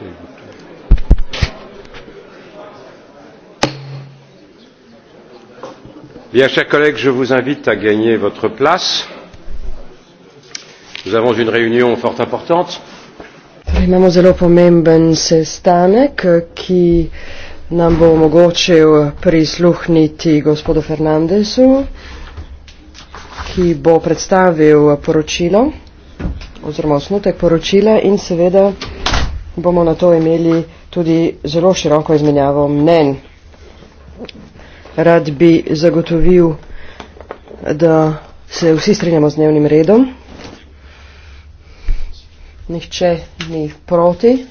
tributo. Bien, chers collègues, je vous invite à gagner votre place. Nous avons une réunion fort importante. Torej, imamo zelo pomemben sestanek, ki nam bo omogočil prisluhniti gospodu Fernandesu, ki bo predstavil poročilo oziroma osnutek poročila in seveda bomo na to imeli tudi zelo široko izmenjavo mnenj. Rad bi zagotovil, da se vsi strinjamo z dnevnim redom. Nihče ni proti.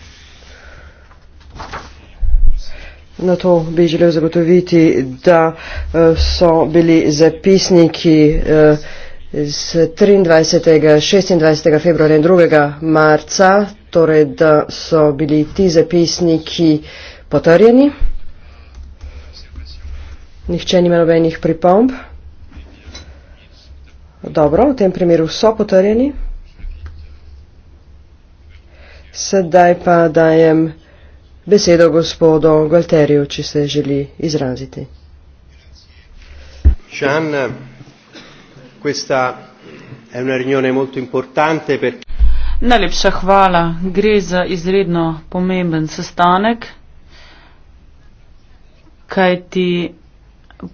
Na to bi želel zagotoviti, da eh, so bili zapisniki eh, z 23. 26. februarja in 2. marca torej da so bili ti zapisniki potrjeni. Nihče ni imel nobenih pripomb. Dobro, v tem primeru so potrjeni. Sedaj pa dajem besedo gospodu Galteriju, če se želi izraziti. Jean, questa è una riunione molto importante perché... Najlepša hvala. Gre za izredno pomemben sestanek, kaj ti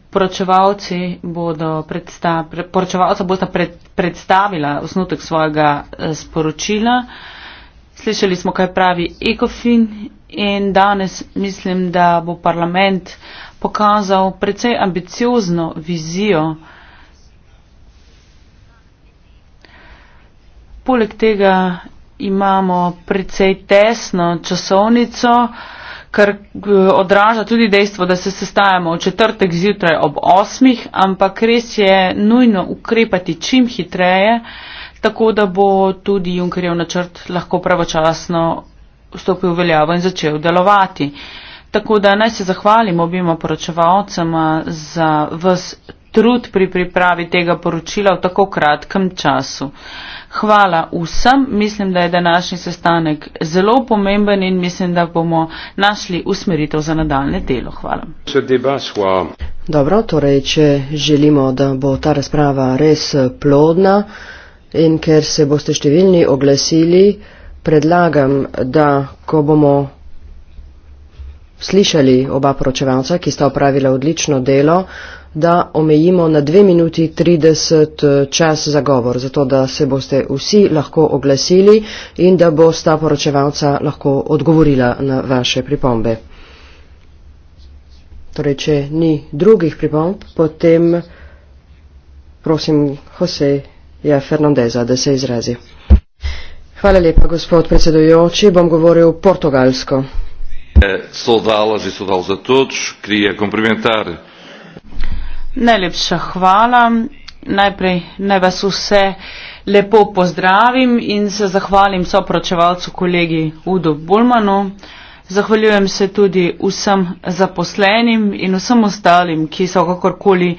poročevalci bodo predsta, poročevalca bosta pred, predstavila osnutek svojega eh, sporočila. Slišali smo, kaj pravi ECOFIN in danes mislim, da bo parlament pokazal precej ambiciozno vizijo. Poleg tega imamo precej tesno časovnico, kar eh, odraža tudi dejstvo, da se sestajamo v četrtek zjutraj ob osmih, ampak res je nujno ukrepati čim hitreje, tako da bo tudi Junkerjev načrt lahko pravočasno vstopil v veljavo in začel delovati. Tako da naj se zahvalim obima poročevalcema za vse trud pri pripravi tega poročila v tako kratkem času. Hvala vsem, mislim, da je današnji sestanek zelo pomemben in mislim, da bomo našli usmeritev za nadaljne delo. Hvala. Dobro, torej, če želimo, da bo ta razprava res eh, plodna in ker se boste številni oglasili, predlagam, da ko bomo slišali oba poročevalca, ki sta opravila odlično delo, da omejimo na 2 minuti 30 eh, čas za govor, zato da se boste vsi lahko oglasili in da bo sta poročevalca lahko odgovorila na vaše pripombe. Torej, če ni drugih pripomb, potem prosim Jose ja, Fernandeza, da se izrazi. Hvala lepa, gospod predsedujoči. Bom govoril portugalsko. Eh, Saudá-las e saudá-los a todos. Queria cumprimentar Najlepša hvala. Najprej naj vas vse lepo pozdravim in se zahvalim sopročevalcu kolegi Udo Bulmanu. Zahvaljujem se tudi vsem zaposlenim in vsem ostalim, ki so kakorkoli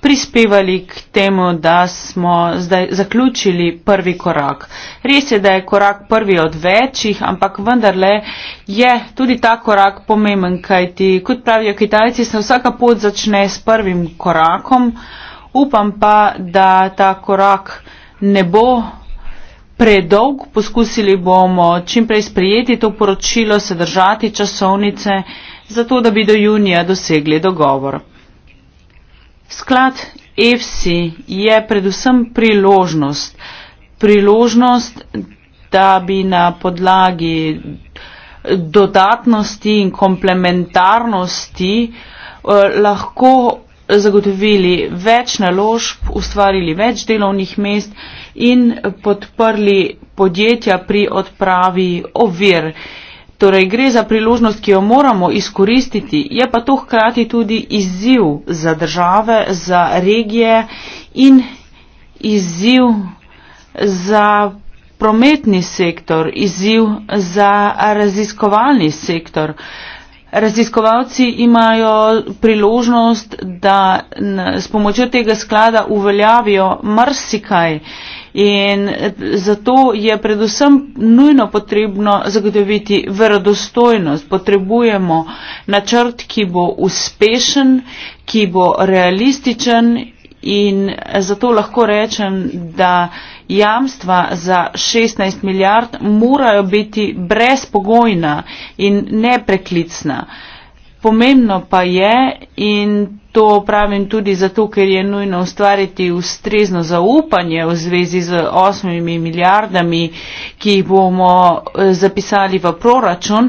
prispevali k temu, da smo zdaj zaključili prvi korak. Res je, da je korak prvi od večjih, ampak vendarle je tudi ta korak pomemben, kajti, kot pravijo Kitajci, se vsaka pot začne s prvim korakom. Upam pa, da ta korak ne bo predolg. Poskusili bomo čimprej sprejeti to poročilo, se držati časovnice, zato da bi do junija dosegli dogovor. Sklad EFSI je predvsem priložnost, priložnost, da bi na podlagi dodatnosti in komplementarnosti eh, lahko zagotovili več naložb, ustvarili več delovnih mest in podprli podjetja pri odpravi ovir. Torej gre za priložnost, ki jo moramo izkoristiti, je pa to hkrati tudi izziv za države, za regije in izziv za prometni sektor, izziv za raziskovalni sektor. Raziskovalci imajo priložnost, da s pomočjo tega sklada uveljavijo marsikaj In eh, zato je predvsem nujno potrebno zagotoviti verodostojnost. Potrebujemo načrt, ki bo uspešen, ki bo realističen in eh, zato lahko rečem, da jamstva za 16 milijard morajo biti brezpogojna in nepreklicna. Pomembno pa je in to pravim tudi zato, ker je nujno ustvariti ustrezno zaupanje v zvezi z osmimi milijardami, ki jih bomo eh, zapisali v proračun.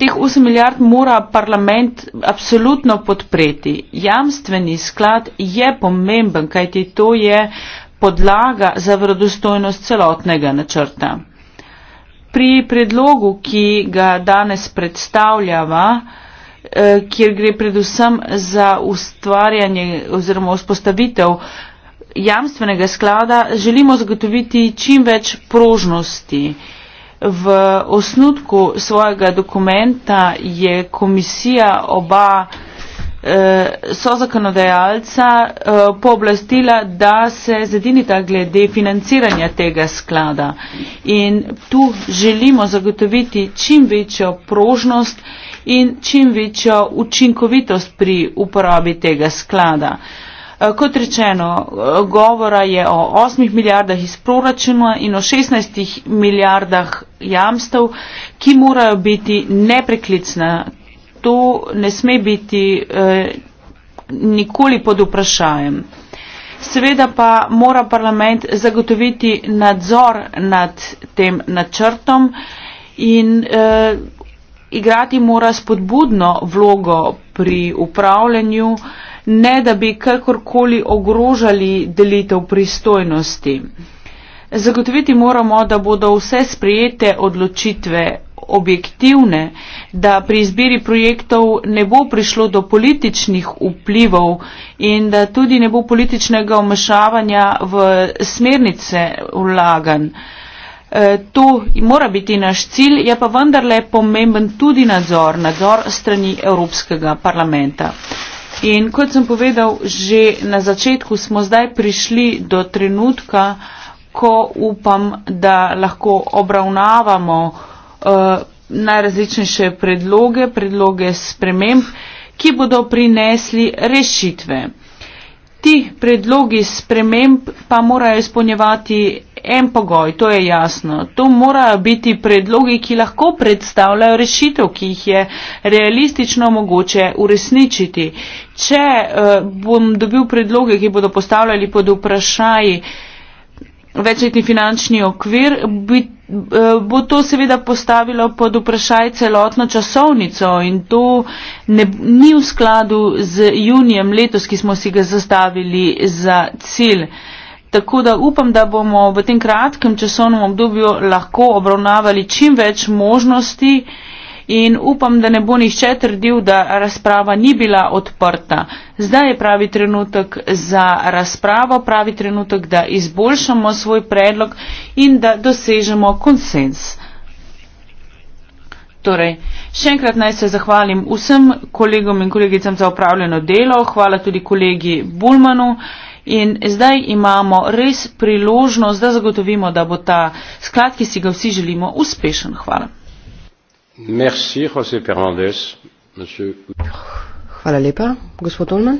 Teh 8 milijard mora parlament absolutno podpreti. Jamstveni sklad je pomemben, kajti to je podlaga za vrodostojnost celotnega načrta. Pri predlogu, ki ga danes predstavljava, Eh, kjer gre predvsem za ustvarjanje oziroma vzpostavitev jamstvenega sklada, želimo zagotoviti čim več prožnosti. V osnutku svojega dokumenta je komisija oba Eh, so zakonodajalca eh, pooblastila, da se zedinita glede financiranja tega sklada. In tu želimo zagotoviti čim večjo prožnost in čim večjo učinkovitost pri uporabi tega sklada. Eh, kot rečeno, govora je o 8 milijardah iz proračuna in o 16 milijardah jamstev, ki morajo biti nepreklicna, to ne sme biti eh, nikoli pod vprašajem. Seveda pa mora parlament zagotoviti nadzor nad tem načrtom in e, igrati mora spodbudno vlogo pri upravljanju, ne da bi kakorkoli ogrožali delitev pristojnosti. Zagotoviti moramo, da bodo vse sprejete odločitve objektivne, da pri izbiri projektov ne bo prišlo do političnih vplivov in da tudi ne bo političnega omešavanja v smernice vlagan. E, to mora biti naš cilj, je pa vendarle pomemben tudi nadzor, nadzor strani Evropskega parlamenta. In kot sem povedal, že na začetku smo zdaj prišli do trenutka, ko upam, da lahko obravnavamo uh, Eh, najrazličnejše predloge, predloge sprememb, ki bodo prinesli rešitve. Ti predlogi sprememb pa morajo izpolnjevati en pogoj, to je jasno. To morajo biti predlogi, ki lahko predstavljajo rešitev, ki jih je realistično mogoče uresničiti. Če uh, bom dobil predloge, ki bodo postavljali pod vprašaj večletni finančni okvir, bi Eh, bo to seveda postavilo pod vprašaj celotno časovnico in to ne, ni v skladu z junijem letos, ki smo si ga zastavili za cilj. Tako da upam, da bomo v tem kratkem časovnem obdobju lahko obravnavali čim več možnosti in upam, da ne bo nišče trdil, da razprava ni bila odprta. Zdaj je pravi trenutek za razpravo, pravi trenutek, da izboljšamo svoj predlog in da dosežemo konsens. Torej, še enkrat naj se zahvalim vsem kolegom in kolegicam za upravljeno delo, hvala tudi kolegi Bulmanu. In zdaj imamo res priložnost, da zagotovimo, da bo ta sklad, ki si ga vsi želimo, uspešen. Hvala. Merci, José Fernández. Monsieur... Hvala lepa, gospod Olman.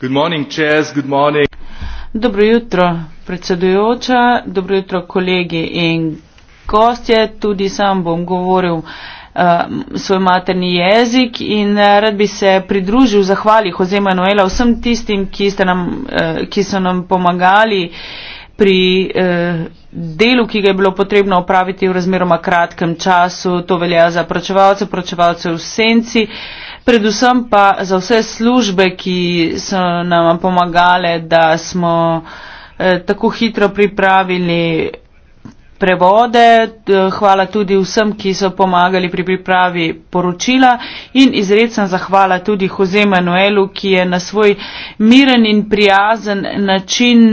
Good morning, Chess, good morning. Dobro jutro, predsedujoča, dobro jutro, kolegi in gostje. Tudi sam bom govoril uh, svoj materni jezik in eh, rad bi se pridružil zahvali Hoze Manuela vsem tistim, ki, nam, uh, ki so nam pomagali uh, pri eh, delu, ki ga je bilo potrebno opraviti v razmeroma kratkem času. To velja za pračevalce, pračevalce v senci, predvsem pa za vse službe, ki so nam pomagale, da smo eh, tako hitro pripravili prevode. Hvala tudi vsem, ki so pomagali pri pripravi poročila in izredna zahvala tudi Jose Manuelu, ki je na svoj miren in prijazen način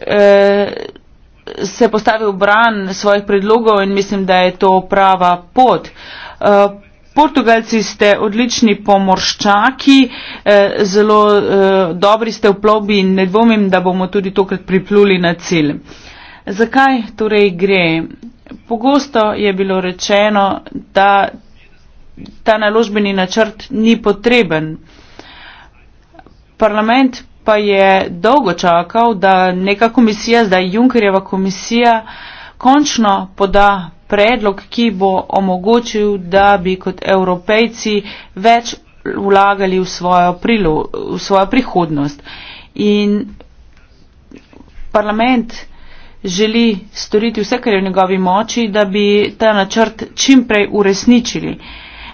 eh, se postavil bran svojih predlogov in mislim, da je to prava pot. Eh, Portugalci ste odlični pomorščaki, eh, zelo eh, dobri ste v plovbi in ne dvomim, da bomo tudi tokrat pripluli na cilj. Zakaj torej gre? Pogosto je bilo rečeno, da ta naložbeni načrt ni potreben. Parlament pa je dolgo čakal, da neka komisija, zdaj Junkerjeva komisija, končno poda predlog, ki bo omogočil, da bi kot evropejci več vlagali v svojo, prilo, v svojo prihodnost. In parlament želi storiti vse, kar je v njegovi moči, da bi ta načrt čim prej uresničili.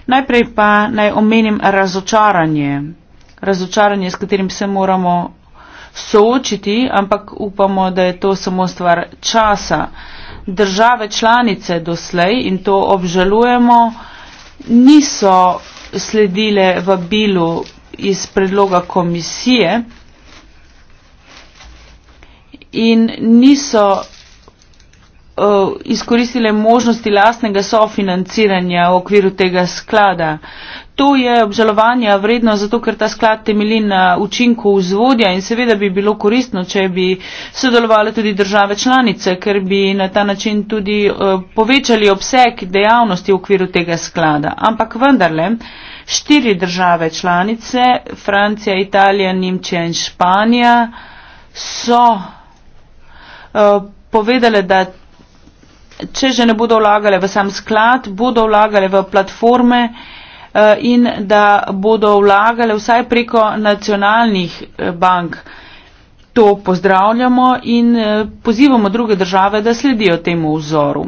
Najprej pa naj omenim razočaranje razočaranje, s katerim se moramo soočiti, ampak upamo, da je to samo stvar časa. Države članice doslej in to obžalujemo, niso sledile vabilu iz predloga komisije in niso eh, izkoristile možnosti lastnega sofinanciranja v okviru tega sklada to je obžalovanja vredno, zato ker ta sklad temelji na učinku vzvodja in seveda bi bilo koristno, če bi sodelovali tudi države članice, ker bi na ta način tudi uh, povečali obseg dejavnosti v okviru tega sklada. Ampak vendarle, štiri države članice, Francija, Italija, Nemčija in Španija, so uh, povedale, da. Če že ne bodo vlagale v sam sklad, bodo vlagale v platforme, uh, Eh, in da bodo vlagale vsaj preko nacionalnih eh, bank. To pozdravljamo in eh, pozivamo druge države, da sledijo temu vzoru.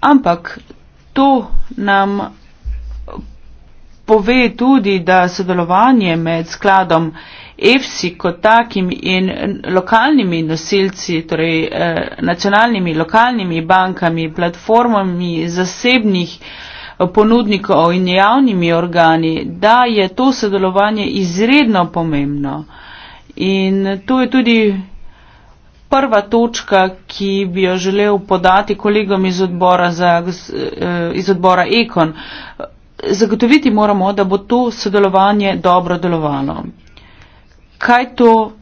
Ampak to nam pove tudi, da sodelovanje med skladom EFSI kot takim in lokalnimi nosilci, torej eh, nacionalnimi, lokalnimi bankami, platformami zasebnih eh, ponudnikov in javnimi organi, da je to sodelovanje izredno pomembno. In to je tudi prva točka, ki bi jo želel podati kolegom iz odbora, za, eh, iz odbora Ekon. Zagotoviti moramo, da bo to sodelovanje dobro delovalo. Kaj to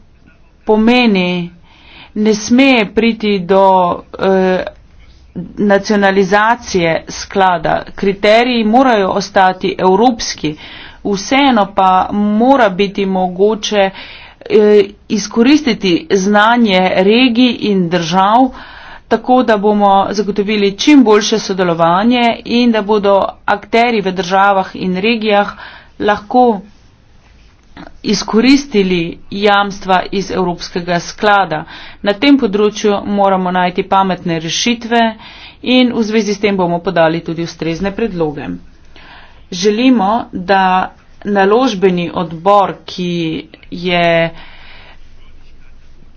pomeni? Ne sme priti do eh, nacionalizacije sklada. Kriteriji morajo ostati evropski, vseeno pa mora biti mogoče eh, izkoristiti znanje regij in držav, tako da bomo zagotovili čim boljše sodelovanje in da bodo akteri v državah in regijah lahko izkoristili jamstva iz Evropskega sklada. Na tem področju moramo najti pametne rešitve in v zvezi s tem bomo podali tudi ustrezne predloge. Želimo, da naložbeni odbor, ki je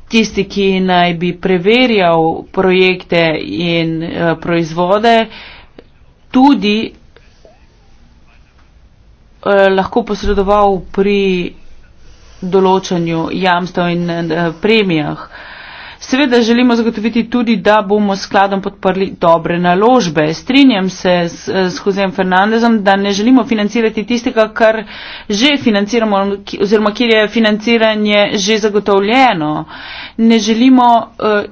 tisti, ki naj bi preverjal projekte in uh, proizvode, tudi Eh, lahko posredoval pri določanju jamstev in eh, premijah. Seveda želimo zagotoviti tudi, da bomo skladom podprli dobre naložbe. Strinjam se s, eh, s Josem Fernandezom, da ne želimo financirati tistega, kar že financiramo oziroma kjer je financiranje že zagotovljeno. Ne želimo uh,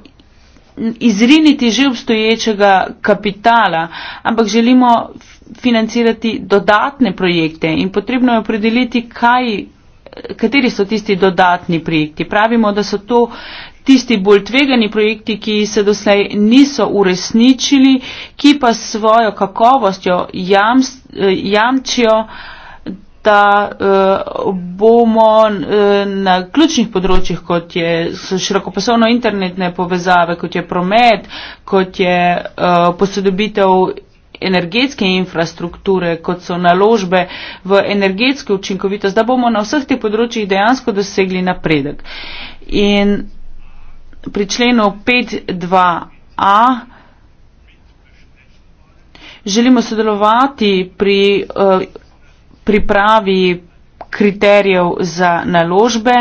izriniti že obstoječega kapitala, ampak želimo financirati dodatne projekte in potrebno je opredeliti, kaj, kateri so tisti dodatni projekti. Pravimo, da so to tisti bolj tvegani projekti, ki se doslej niso uresničili, ki pa s svojo kakovostjo jam, jamčijo, da eh, bomo eh, na ključnih področjih, kot je širokopasovno internetne povezave, kot je promet, kot je eh, posodobitev energetske infrastrukture, kot so naložbe v energetsko učinkovitost, da bomo na vseh teh področjih dejansko dosegli napredek. In pri členu 5.2a želimo sodelovati pri uh, pripravi kriterijev za naložbe,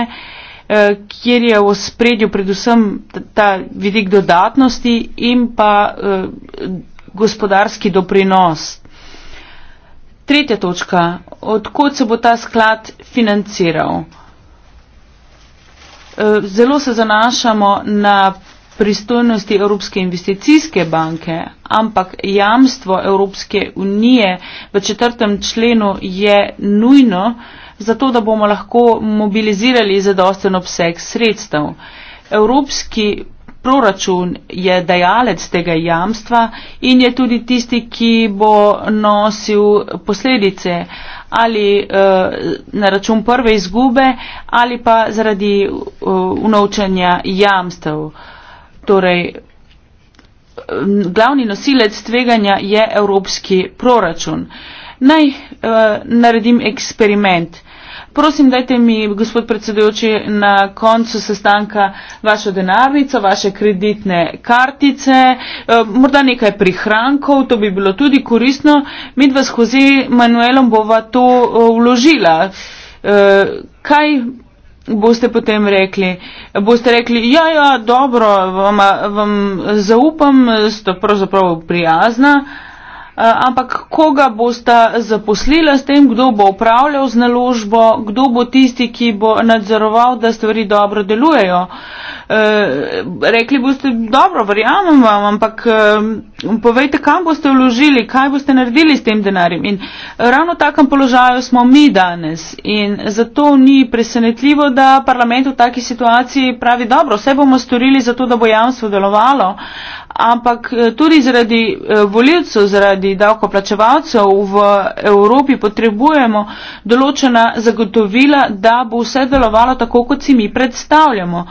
eh, kjer je v spredju predvsem ta vidik dodatnosti in pa uh, gospodarski doprinos. Tretja točka. Odkud se bo ta sklad financiral? E, zelo se zanašamo na pristojnosti Evropske investicijske banke, ampak jamstvo Evropske unije v četrtem členu je nujno, zato da bomo lahko mobilizirali zadosten obseg sredstev. Evropski proračun je dejalec tega jamstva in je tudi tisti, ki bo nosil posledice ali eh, na račun prve izgube ali pa zaradi eh, unovčanja jamstev. Torej, eh, glavni nosilec tveganja je evropski proračun. Naj uh, naredim eksperiment. Prosim, dajte mi, gospod predsedujoči, na koncu sestanka vašo denarnico, vaše kreditne kartice, eh, morda nekaj prihrankov, to bi bilo tudi koristno. Mi dva skozi Manuelom bova to eh, vložila. Eh, kaj boste potem rekli? Boste rekli, ja, ja, dobro, vama, vam zaupam, ste pravzaprav prijazna. Eh, ampak koga boste zaposlila s tem, kdo bo upravljal z naložbo, kdo bo tisti, ki bo nadzoroval, da stvari dobro delujejo. Eh, rekli boste, dobro, verjamem vam, ampak eh, povejte, kam boste vložili, kaj boste naredili s tem denarjem. In ravno v takem položaju smo mi danes in zato ni presenetljivo, da parlament v taki situaciji pravi, dobro, vse bomo storili za to, da bo jamstvo delovalo, ampak tudi zaradi voljivcev, zaradi zaradi davkoplačevalcev v Evropi potrebujemo določena zagotovila, da bo vse delovalo tako, kot si mi predstavljamo.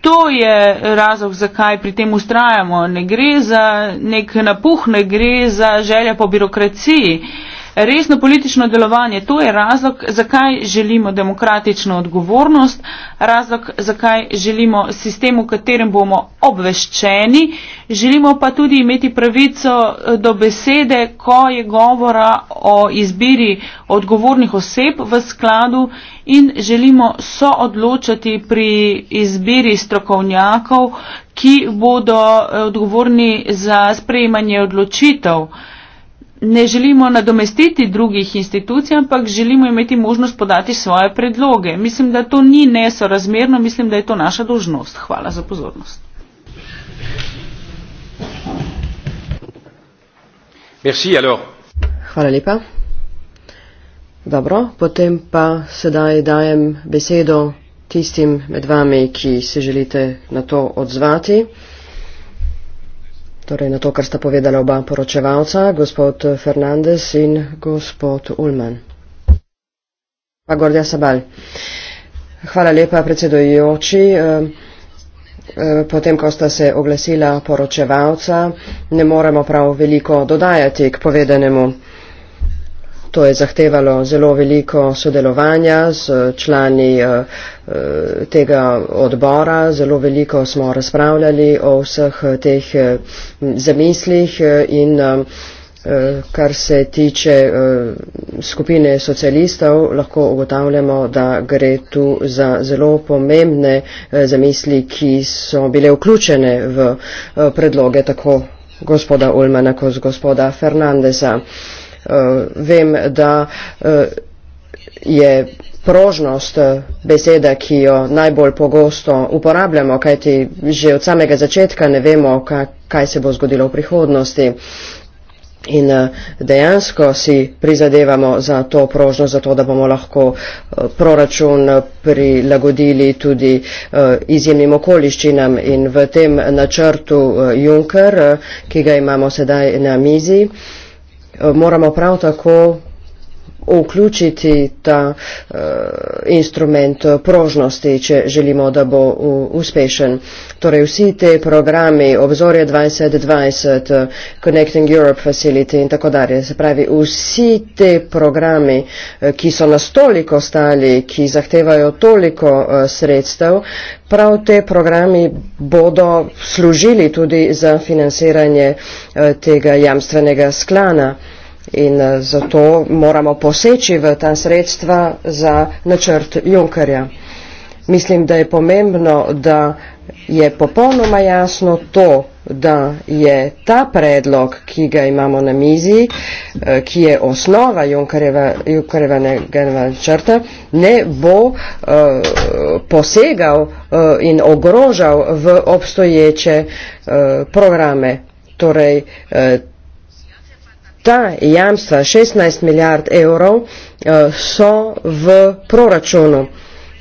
To je razlog, zakaj pri tem ustrajamo. Ne gre za nek napuh, ne gre za želja po birokraciji. Uh, resno politično delovanje. To je razlog, zakaj želimo demokratično odgovornost, razlog, zakaj želimo sistem, v katerem bomo obveščeni, želimo pa tudi imeti pravico eh, do besede, ko je govora o izbiri odgovornih oseb v skladu in želimo soodločati pri izbiri strokovnjakov, ki bodo eh, odgovorni za sprejemanje odločitev ne želimo nadomestiti drugih institucij, ampak želimo imeti možnost podati svoje predloge. Mislim, da to ni nesorazmerno, mislim, da je to naša dožnost. Hvala za pozornost. Merci, Hvala lepa. Dobro, potem pa sedaj dajem besedo tistim med vami, ki se želite na to odzvati. Torej na to, kar sta povedala oba poročevalca, gospod Fernandez in gospod Ulman. Pa Gordja Sabal. Hvala lepa, predsedojoči. Eh, eh, potem, ko sta se oglasila poročevalca, ne moremo prav veliko dodajati k povedanemu. To je zahtevalo zelo veliko sodelovanja z člani eh, eh, tega odbora. Zelo veliko smo razpravljali o vseh eh, teh zamislih in kar se tiče skupine socialistov, lahko ugotavljamo, da gre tu za zelo pomembne zamisli, ki so bile vključene v predloge tako gospoda Ulmana kot gospoda Fernandeza uh, vem, da uh, je prožnost eh, beseda, ki jo najbolj pogosto uporabljamo, kajti že od samega začetka ne vemo, kaj, kaj se bo zgodilo v prihodnosti. In dejansko si prizadevamo za to prožnost, za to, da bomo lahko proračun prilagodili tudi izjemnim okoliščinam. In v tem načrtu Juncker, ki ga imamo sedaj na mizi, moramo prav tako vključiti ta uh, instrument prožnosti, če želimo, da bo uh, uspešen. Torej vsi te programi, obzorje 2020, uh, Connecting Europe Facility in tako dalje, se pravi vsi te programi, uh, ki so nas toliko stali, ki zahtevajo toliko uh, sredstev, prav te programi bodo služili tudi za financiranje uh, tega jamstvenega sklana. Uh, In eh, zato moramo poseči v ta sredstva za načrt Junkerja. Mislim, da je pomembno, da je popolnoma jasno to, da je ta predlog, ki ga imamo na mizi, eh, ki je osnova Junkerjevega načrta, ne bo uh, posegal uh, in ogrožal v obstoječe uh, programe. Torej, uh, ta jamstva 16 milijard evrov eh, so v proračunu.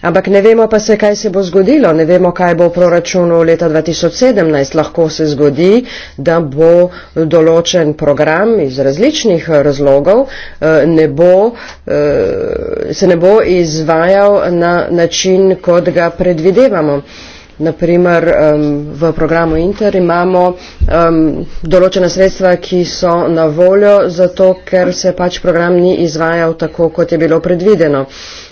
Ampak ne vemo pa se, kaj se bo zgodilo, ne vemo, kaj bo v proračunu leta 2017. Lahko se zgodi, da bo določen program iz različnih razlogov, eh, ne bo, eh, se ne bo izvajal na način, kot ga predvidevamo. Naprimer, um, v programu Inter imamo um, določena sredstva, ki so na voljo, zato ker se pač program ni izvajal tako, kot je bilo predvideno.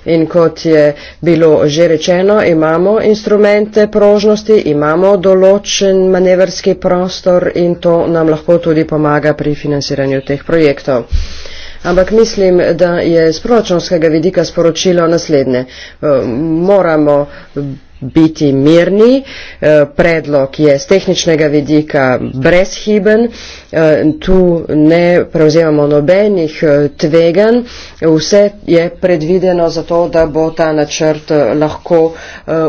In kot je bilo že rečeno, imamo instrumente prožnosti, imamo določen manevrski prostor in to nam lahko tudi pomaga pri financiranju teh projektov. Ampak mislim, da je z proračunskega vidika sporočilo naslednje. Um, moramo biti mirni, eh, predlog je z tehničnega vidika brezhiben, eh, tu ne prevzemamo nobenih eh, tvegan, vse je predvideno za to, da bo ta načrt lahko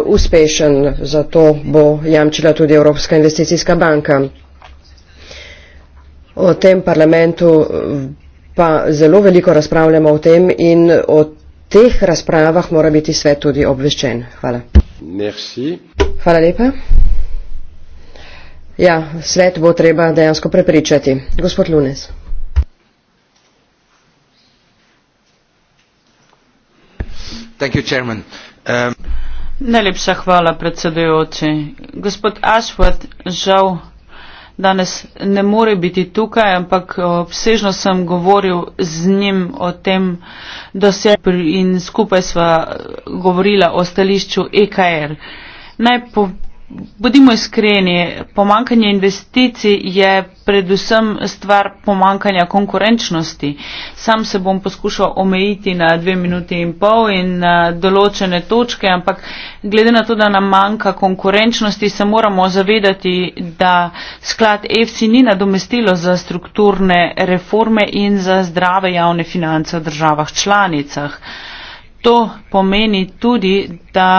uspešen, zato bo jamčila tudi Evropska investicijska banka. O tem parlamentu pa zelo veliko razpravljamo o tem in o teh razpravah mora biti svet tudi obveščen. Hvala. Merci. Hvala lepa. Ja, svet bo treba dejansko prepričati. Gospod Lunes. You, um, Najlepša hvala predsedujoči. Gospod Ashworth, žal danes ne more biti tukaj, ampak obsežno sem govoril z njim o tem, da se in skupaj sva govorila o stališču EKR. Naj Bodimo iskreni, pomankanje investicij je predvsem stvar pomankanja konkurenčnosti. Sam se bom poskušal omejiti na dve minuti in pol in na določene točke, ampak glede na to, da nam manjka konkurenčnosti, se moramo zavedati, da sklad EFC ni nadomestilo za strukturne reforme in za zdrave javne finance v državah članicah. To pomeni tudi, da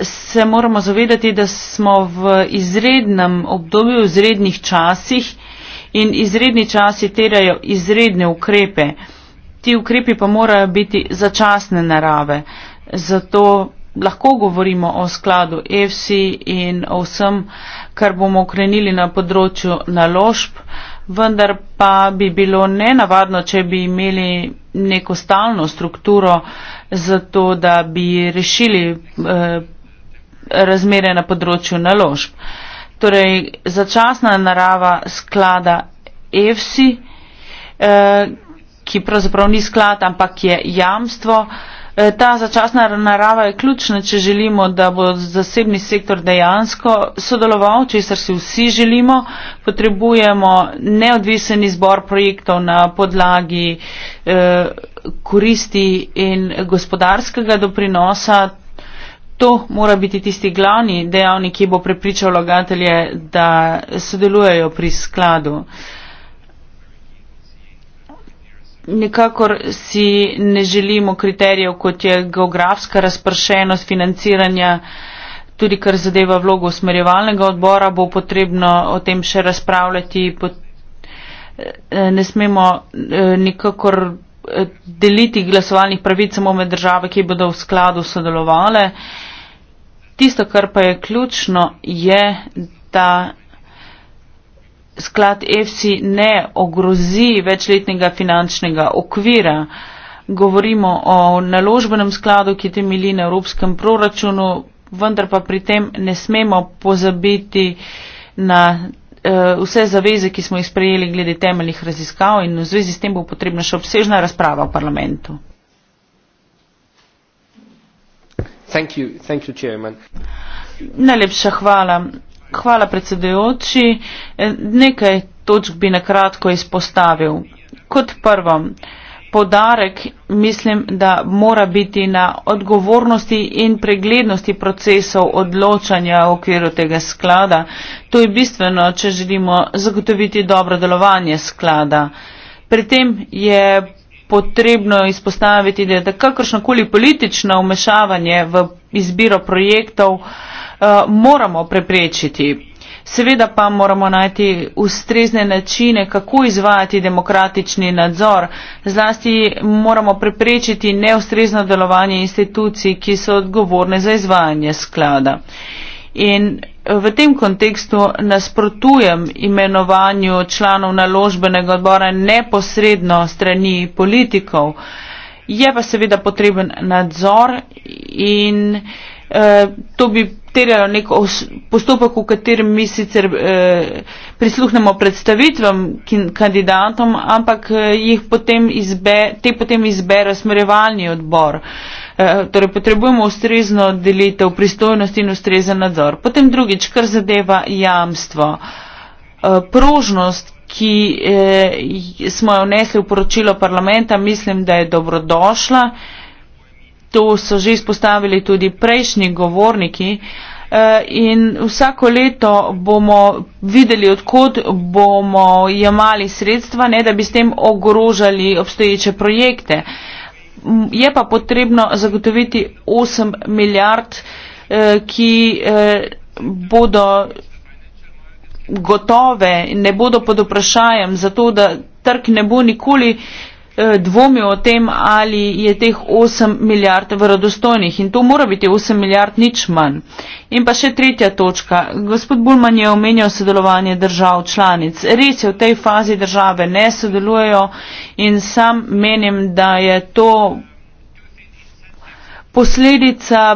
se moramo zavedati, da smo v izrednem obdobju, v izrednih časih in izredni časi terajo izredne ukrepe. Ti ukrepi pa morajo biti začasne narave. Zato lahko govorimo o skladu EFSI in o vsem, kar bomo okrenili na področju naložb, vendar pa bi bilo nenavadno, če bi imeli neko stalno strukturo za to, da bi rešili eh, razmere na področju naložb. Torej, začasna narava sklada EFSI, eh, ki pravzaprav ni sklad, ampak je jamstvo. Eh, ta začasna narava je ključna, če želimo, da bo zasebni sektor dejansko sodeloval, če se vsi želimo. Potrebujemo neodvisen izbor projektov na podlagi eh, koristi in gospodarskega doprinosa. To mora biti tisti glavni dejavnik, ki bo prepričal vlagatelje, da sodelujejo pri skladu. Nekakor si ne želimo kriterijev, kot je geografska razpršenost financiranja, tudi kar zadeva vlogo usmerjevalnega odbora, bo potrebno o tem še razpravljati. Eh, ne smemo eh, nekakor eh, deliti glasovalnih pravic samo med države, ki bodo v skladu sodelovali. Tisto, kar pa je ključno, je, da sklad EFSI ne ogrozi večletnega finančnega okvira. Govorimo o naložbenem skladu, ki temelji na evropskem proračunu, vendar pa pri tem ne smemo pozabiti na uh, vse zaveze, ki smo jih sprejeli glede temeljih raziskav in v zvezi s tem bo potrebna še obsežna razprava v parlamentu. Najlepša hvala. Hvala predsedujoči. E, nekaj točk bi nakratko izpostavil. Kot prvo, podarek mislim, da mora biti na odgovornosti in preglednosti procesov odločanja v okviru tega sklada. To je bistveno, če želimo zagotoviti dobro delovanje sklada. Pri tem je potrebno izpostaviti, da kakršnokoli politično vmešavanje v izbiro projektov eh, moramo preprečiti. Seveda pa moramo najti ustrezne načine, kako izvajati demokratični nadzor. Zlasti moramo preprečiti neustrezno delovanje institucij, ki so odgovorne za izvajanje sklada. In v tem kontekstu nasprotujem imenovanju članov naložbenega odbora neposredno strani politikov. Je pa seveda potreben nadzor in eh, to bi terjalo nek os, postopek, v katerem mi sicer eh, prisluhnemo predstavitvam kin, kandidatom, ampak eh, jih potem izbe, te potem izbere smerevalni odbor. Eh, Eh, torej potrebujemo ustrezno delitev pristojnosti in ustrezen nadzor. Potem drugič, kar zadeva jamstvo. Eh, prožnost, ki eh, smo jo vnesli v poročilo parlamenta, mislim, da je dobrodošla. To so že izpostavili tudi prejšnji govorniki. In vsako leto bomo videli, odkot bomo jemali sredstva, ne da bi s tem ogrožali obstoječe projekte je pa potrebno zagotoviti 8 milijard, eh, ki eh, bodo gotove in ne bodo pod vprašajem, zato da trg ne bo nikoli Eh, dvomijo o tem, ali je teh 8 milijard verodostojnih in to mora biti 8 milijard nič manj. In pa še tretja točka. Gospod Bulman je omenjal sodelovanje držav članic. Res je, v tej fazi države ne sodelujejo in sam menim, da je to posledica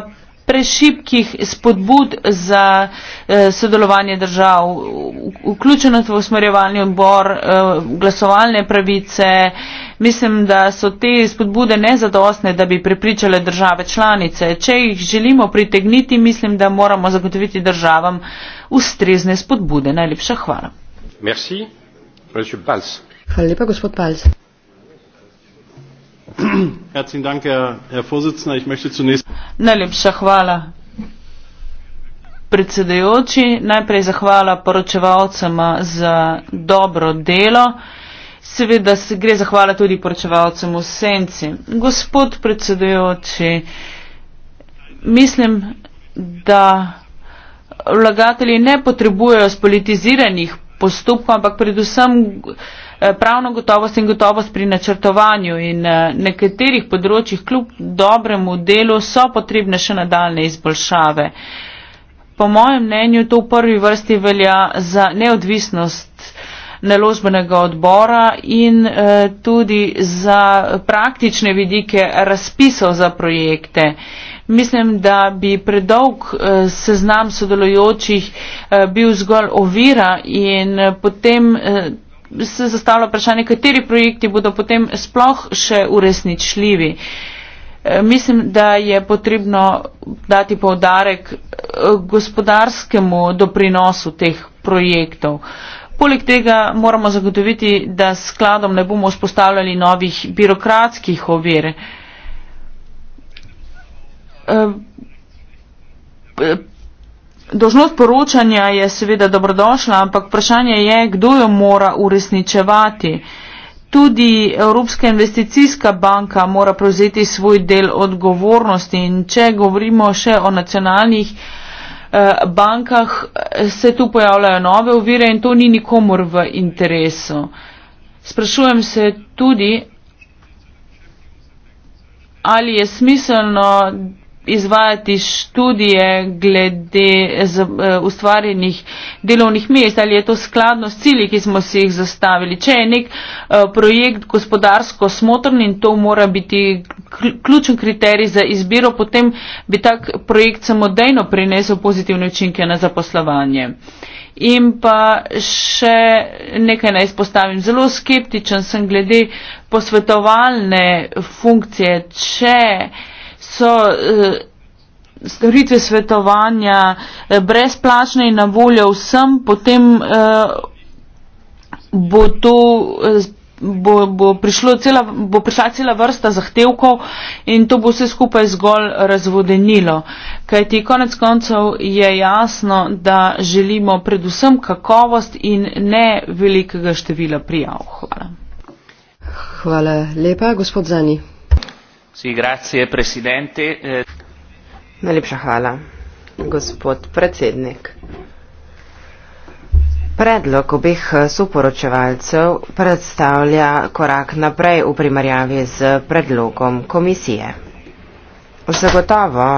prešipkih spodbud za eh, sodelovanje držav, vključenost v usmerjevalni odbor, eh, glasovalne pravice. Mislim, da so te spodbude nezadostne, da bi prepričale države članice. Če jih želimo pritegniti, mislim, da moramo zagotoviti državam ustrezne spodbude. Najlepša hvala. Merci, Hvala lepa, gospod Palc. Dank, Herr, Herr Najlepša hvala. Predsedajoči, najprej zahvala poročevalcema za dobro delo. Seveda se gre zahvala tudi poročevalcem v senci. Gospod predsedajoči, mislim, da vlagatelji ne potrebujejo spolitiziranih postopkov, ampak predvsem. Eh, pravno gotovost in gotovost pri načrtovanju in eh, nekaterih področjih kljub dobremu delu so potrebne še nadaljne izboljšave. Po mojem mnenju to v prvi vrsti velja za neodvisnost naložbenega odbora in eh, tudi za praktične vidike razpisov za projekte. Mislim, da bi predolg seznam sodelujočih bil zgolj ovira in potem se zastavlja vprašanje, kateri projekti bodo potem sploh še uresničljivi. E, mislim, da je potrebno dati povdarek e, gospodarskemu doprinosu teh projektov. Poleg tega moramo zagotoviti, da skladom ne bomo vzpostavljali novih birokratskih ovir. E, Dožnost poročanja je seveda dobrodošla, ampak vprašanje je, kdo jo mora uresničevati. Tudi Evropska investicijska banka mora prevzeti svoj del odgovornosti in če govorimo še o nacionalnih eh, bankah, eh, se tu pojavljajo nove uvire in to ni nikomor v interesu. Sprašujem se tudi, ali je smiselno izvajati študije glede z, uh, ustvarjenih delovnih mest, ali je to skladno s cilji, ki smo si jih zastavili. Če je nek uh, projekt gospodarsko smotrn in to mora biti ključen kriterij za izbiro, potem bi tak projekt samodejno prinesel pozitivne učinke na zaposlovanje. In pa še nekaj naj izpostavim. Zelo skeptičen sem glede posvetovalne funkcije. Če so uh, storitve svetovanja uh, brezplačne in na voljo vsem, potem uh, bo to. Uh, Bo, bo, cela, bo prišla cela vrsta zahtevkov in to bo vse skupaj zgolj razvodenilo. Kaj ti konec koncev je jasno, da želimo predvsem kakovost in ne velikega števila prijav. Hvala. Hvala lepa, gospod Zani. Eh, Najlepša hvala, gospod predsednik. Predlog obeh soporočevalcev predstavlja korak naprej v primerjavi z predlogom komisije. Zagotovo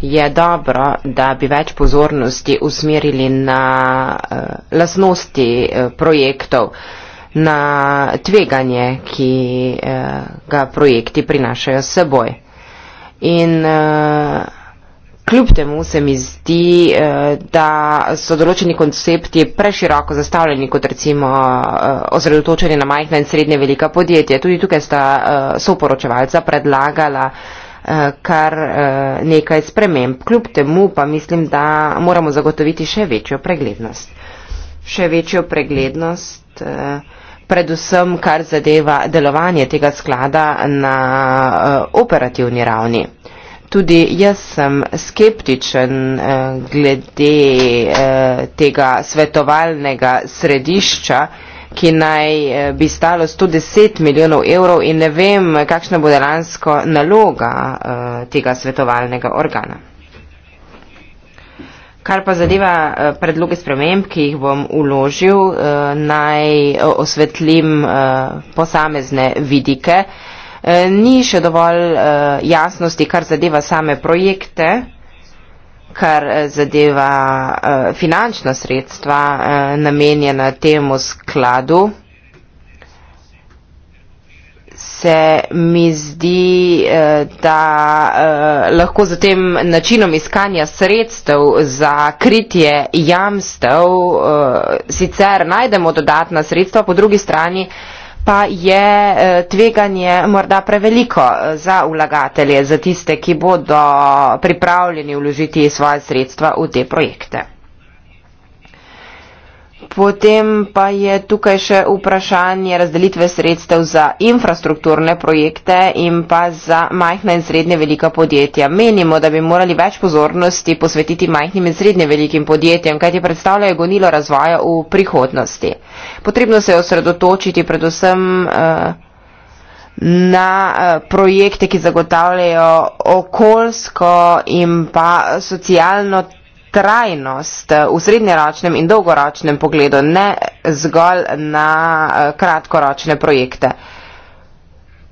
je dobro, da bi več pozornosti usmerili na eh, lasnosti eh, projektov, na tveganje, ki eh, ga projekti prinašajo s seboj. In eh, kljub temu se mi zdi, eh, da so določeni koncepti preširoko zastavljeni, kot recimo eh, ozredotočenje na majhna in srednje velika podjetja. Tudi tukaj sta eh, soporočevalca predlagala eh, kar eh, nekaj sprememb. Kljub temu pa mislim, da moramo zagotoviti še večjo preglednost. Še večjo preglednost. Eh, predvsem kar zadeva delovanje tega sklada na eh, operativni ravni. Tudi jaz sem skeptičen eh, glede eh, tega svetovalnega središča, ki naj bi stalo 110 milijonov evrov in ne vem, kakšna bo dejansko naloga tega svetovalnega organa. Kar pa zadeva eh, predloge sprememb, ki jih bom uložil, eh, naj eh, osvetlim posamezne vidike. Ni še dovolj jasnosti, kar zadeva same projekte, kar zadeva finančna sredstva namenjena temu skladu se mi zdi, eh, da eh, lahko z tem načinom iskanja sredstev za kritje jamstev eh, sicer najdemo dodatna sredstva, po drugi strani pa je tveganje morda preveliko za vlagatelje, za tiste, ki bodo pripravljeni vložiti svoje sredstva v te projekte. Potem pa je tukaj še vprašanje razdelitve sredstev za infrastrukturne projekte in pa za majhna in srednje velika podjetja. Menimo, da bi morali več pozornosti posvetiti majhnim in srednje velikim podjetjem, kajti predstavljajo gonilo razvoja v prihodnosti. Potrebno se je osredotočiti predvsem eh, na eh, projekte, ki zagotavljajo okoljsko in pa socialno trajnost eh, v srednjeročnem in dolgoročnem pogledu, ne zgolj na eh, kratkoročne projekte.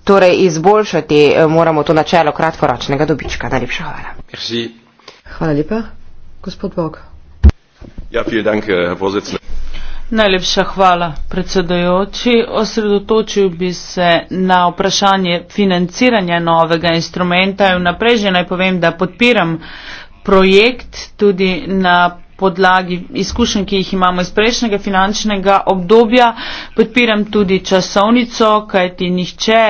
Torej, izboljšati eh, moramo to načelo kratkoročnega dobička. Najlepša hvala. Merci. Hvala lepa, gospod Bog. Ja, dank, Najlepša hvala, predsedojoči. Osredotočil bi se na vprašanje financiranja novega instrumenta in vnaprej že naj povem, da podpiram projekt tudi na podlagi izkušenj, ki jih imamo iz prejšnjega finančnega obdobja. Podpiram tudi časovnico, kajti nihče,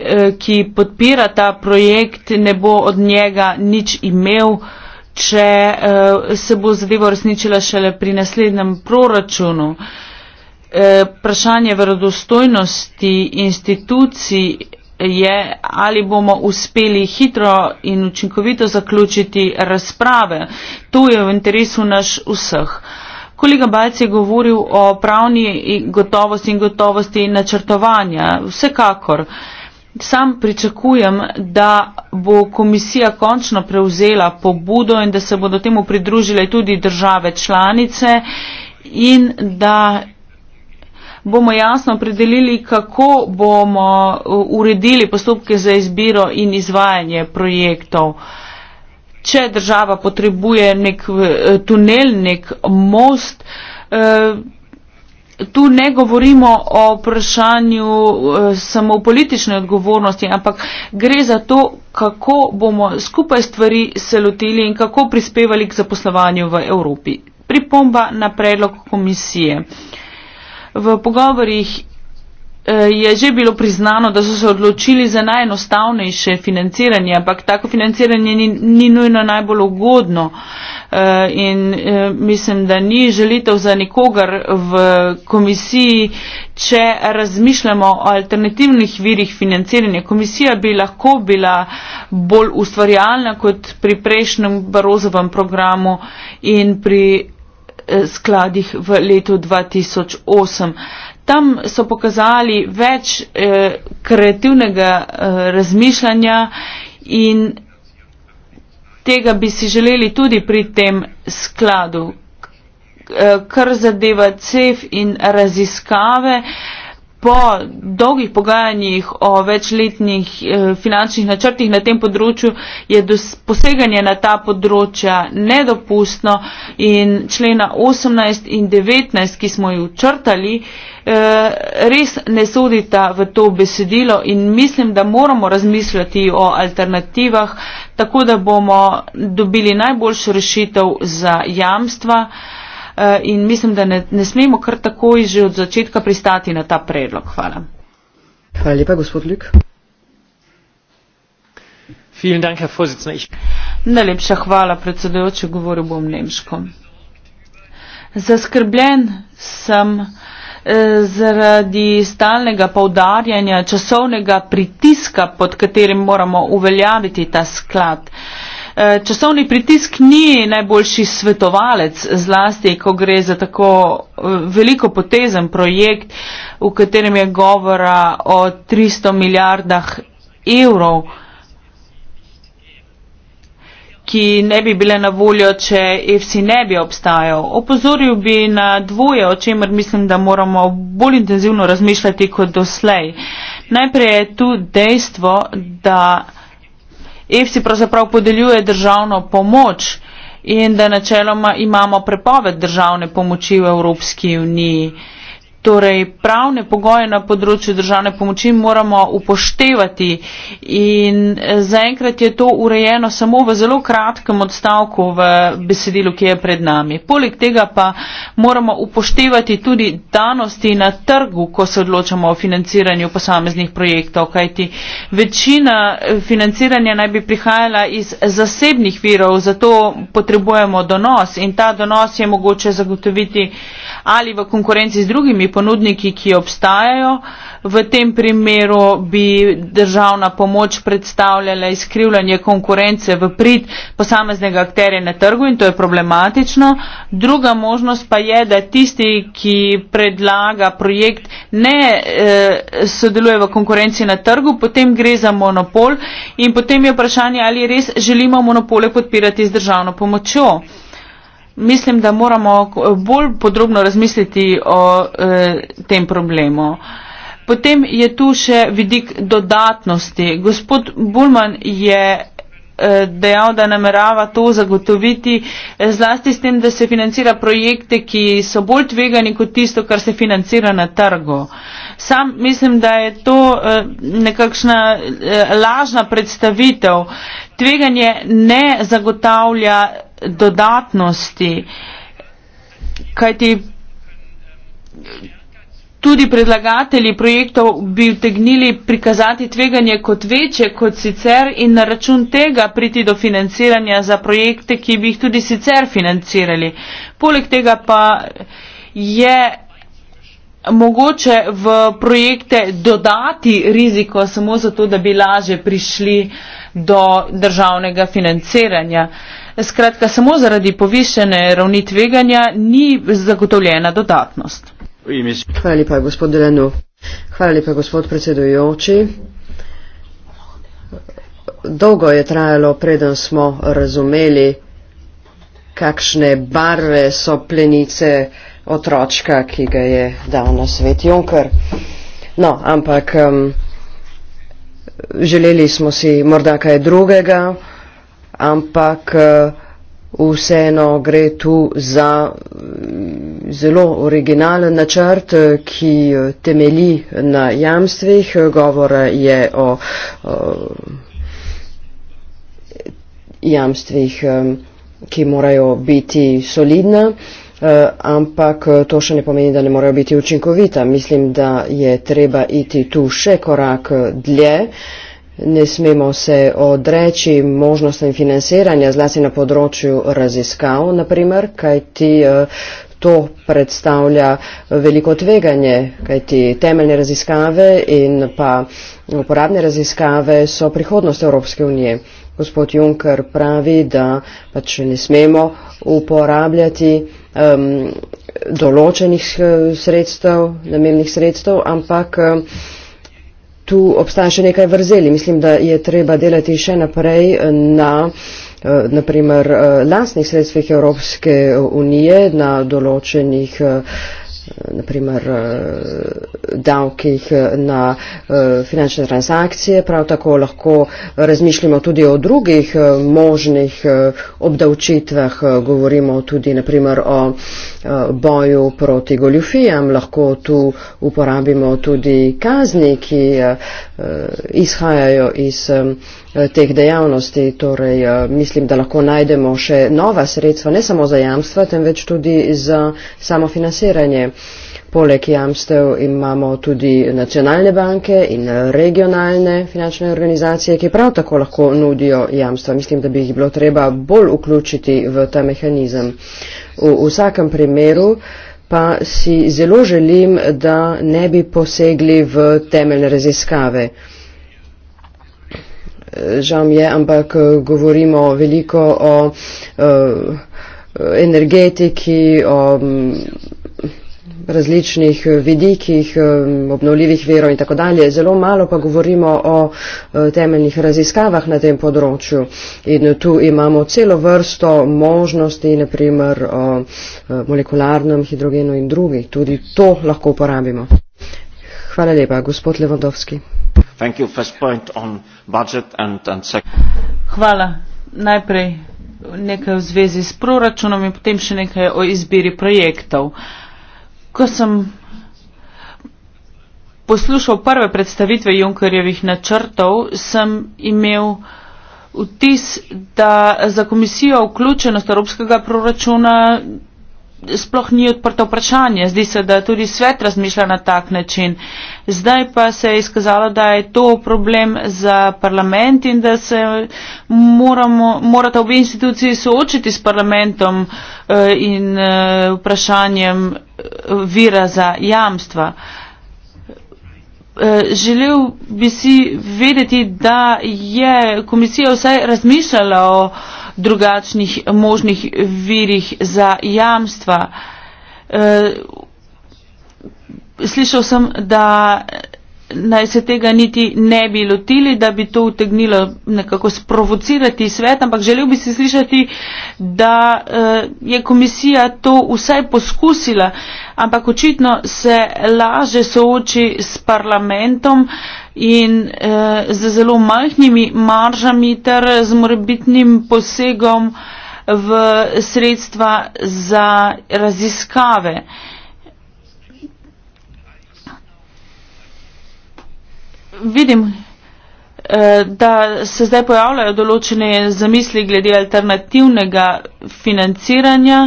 eh, ki podpira ta projekt, ne bo od njega nič imel, če eh, se bo zadeva uresničila šele pri naslednjem proračunu. Eh, vprašanje verodostojnosti institucij je, ali bomo uspeli hitro in učinkovito zaključiti razprave. To je v interesu naš vseh. Kolega Bajc je govoril o pravni gotovosti in gotovosti načrtovanja. Vsekakor. Sam pričakujem, da bo komisija končno prevzela pobudo in da se bodo temu pridružile tudi države članice in da bomo jasno opredelili, kako bomo uh, uredili postopke za izbiro in izvajanje projektov. Če država potrebuje nek eh, tunel, nek most, eh, tu ne govorimo o vprašanju eh, samo politične odgovornosti, ampak gre za to, kako bomo skupaj stvari se lotili in kako prispevali k zaposlovanju v Evropi. Pripomba na predlog komisije. Uh, V pogovorjih eh, je že bilo priznano, da so se odločili za najenostavnejše financiranje, ampak tako financiranje ni, ni nujno najbolj ugodno eh, in eh, mislim, da ni želitev za nikogar v komisiji, če razmišljamo o alternativnih virih financiranja. Komisija bi lahko bila bolj ustvarjalna kot pri prejšnjem Barozovem programu in pri Eh, skladih v letu 2008. Tam so pokazali več eh, kreativnega eh, razmišljanja in tega bi si želeli tudi pri tem skladu. Kar zadeva cef in raziskave, po dolgih pogajanjih o večletnih eh, finančnih načrtih na tem področju je poseganje na ta področja nedopustno in člena 18 in 19, ki smo jih črtali, eh, res ne sodita v to besedilo in mislim, da moramo razmisliti o alternativah, tako da bomo dobili najboljšo rešitev za jamstva. Eh, in mislim, da ne, ne smemo kar tako že od začetka pristati na ta predlog. Hvala. Hvala lepa, gospod Lik. Najlepša hvala, predsedujoče, govoril bom nemško. Zaskrbljen sem eh, zaradi stalnega povdarjanja časovnega pritiska, pod katerim moramo uveljaviti ta sklad. Eh, časovni pritisk ni najboljši svetovalec, zlasti, ko gre za tako eh, veliko potezen projekt, v katerem je govora o 300 milijardah evrov, ki ne bi bile na voljo, če EFSI ne bi obstajal. Opozoril bi na dvoje, o čemer mislim, da moramo bolj intenzivno razmišljati kot doslej. Najprej je tu dejstvo, da. EFSI pravzaprav podeljuje državno pomoč in da načeloma imamo prepoved državne pomoči v Evropski uniji. Torej, pravne pogoje na področju državne pomoči moramo upoštevati in eh, zaenkrat je to urejeno samo v zelo kratkem odstavku v besedilu, ki je pred nami. Poleg tega pa moramo upoštevati tudi danosti na trgu, ko se odločamo o financiranju posameznih projektov, kajti večina eh, financiranja naj bi prihajala iz zasebnih virov, zato potrebujemo donos in ta donos je mogoče zagotoviti ali v konkurenci z drugimi ponudniki, ki obstajajo. V tem primeru bi državna pomoč predstavljala izkrivljanje konkurence v prid posameznega akterja na trgu in to je problematično. Druga možnost pa je, da tisti, ki predlaga projekt, ne eh, sodeluje v konkurenci na trgu, potem gre za monopol in potem je vprašanje, ali res želimo monopole podpirati z državno pomočjo mislim, da moramo bolj podrobno razmisliti o eh, tem problemu. Potem je tu še vidik dodatnosti. Gospod Bulman je eh, dejal, da namerava to zagotoviti eh, zlasti s tem, da se financira projekte, ki so bolj tvegani kot tisto, kar se financira na trgu. Sam mislim, da je to eh, nekakšna lažna predstavitev. Tveganje ne zagotavlja dodatnosti, kajti tudi predlagatelji projektov bi utegnili prikazati tveganje kot večje kot sicer in na račun tega priti do financiranja za projekte, ki bi jih tudi sicer financirali. Poleg tega pa je mogoče v projekte dodati riziko samo zato, da bi laže prišli do državnega financiranja. Uh, Skratka, samo zaradi povišene ravni tveganja ni zagotovljena dodatnost. Hvala lepa, gospod Delano. Hvala lepa, gospod predsedujoči. Dolgo je trajalo, preden smo razumeli, kakšne barve so plenice otročka, ki ga je dal na svet Junker. No, ampak um, želeli smo si morda kaj drugega ampak eh, vseeno gre tu za mm, zelo originalen načrt, eh, ki eh, temeli na jamstvih. Govora je o, o jamstvih, ki morajo biti solidna. Uh, ampak to še ne pomeni, da ne morajo biti učinkovita. Mislim, da je treba iti tu še korak dlje. Uh, Ne smemo se odreči možnostem financiranja, zlasti na področju raziskav, naprimer, kaj ti eh, to predstavlja veliko tveganje, kaj ti temeljne raziskave in pa uporabne raziskave so prihodnost Evropske unije. Gospod Juncker pravi, da pač ne smemo uporabljati um, določenih eh, sredstev, namenjenih sredstev, ampak um, tu obstaja še nekaj vrzeli. Mislim, da je treba delati še naprej eh, na eh, naprimer eh, lastnih sredstvih Evropske unije, na določenih naprimer eh, davkih eh, na eh, finančne transakcije. Prav tako lahko razmišljamo tudi o drugih možnih obdavčitvah. Govorimo tudi naprimer o boju proti goljufijam. Lahko tu uporabimo tudi kazni, ki izhajajo iz Eh, teh dejavnosti. Torej, eh, mislim, da lahko najdemo še nova sredstva, ne samo za jamstva, temveč tudi za samo financiranje. Poleg jamstev imamo tudi nacionalne banke in regionalne finančne organizacije, ki prav tako lahko nudijo jamstva. Mislim, da bi jih bilo treba bolj vključiti v ta mehanizem. V vsakem primeru pa si zelo želim, da ne bi posegli v temeljne raziskave žal mi je, ampak eh, govorimo veliko o, o eh, energetiki, o mm, različnih eh, vidikih, obnovljivih verov in tako dalje. Zelo malo pa govorimo o temeljnih raziskavah na tem področju. In tu imamo celo vrsto možnosti, naprimer o molekularnem hidrogenu in drugih. Tudi to lahko uporabimo. Hvala lepa, gospod Levandovski. Hvala. Najprej nekaj v zvezi s proračunom in potem še nekaj o izbiri projektov. Ko sem poslušal prve predstavitve Junkerjevih načrtov, sem imel vtis, da za komisijo vključenost evropskega proračuna sploh ni odprto vprašanje. Zdi se, da tudi svet razmišlja na tak način. Zdaj pa se je izkazalo, da je to problem za parlament in da se moramo, morata obi instituciji soočiti s parlamentom eh, in eh, vprašanjem eh, vira za jamstva. Želel bi si vedeti, da je komisija vsaj razmišljala o drugačnih možnih virih za jamstva. Eh, slišal sem, da naj se tega niti ne bi lotili, da bi to utegnilo nekako sprovocirati svet, ampak želel bi se slišati, da eh, je komisija to vsaj poskusila, ampak očitno se laže sooči s parlamentom in eh, z zelo majhnimi maržami ter z morebitnim posegom v sredstva za raziskave. vidim, eh, da se zdaj pojavljajo določene zamisli glede alternativnega financiranja.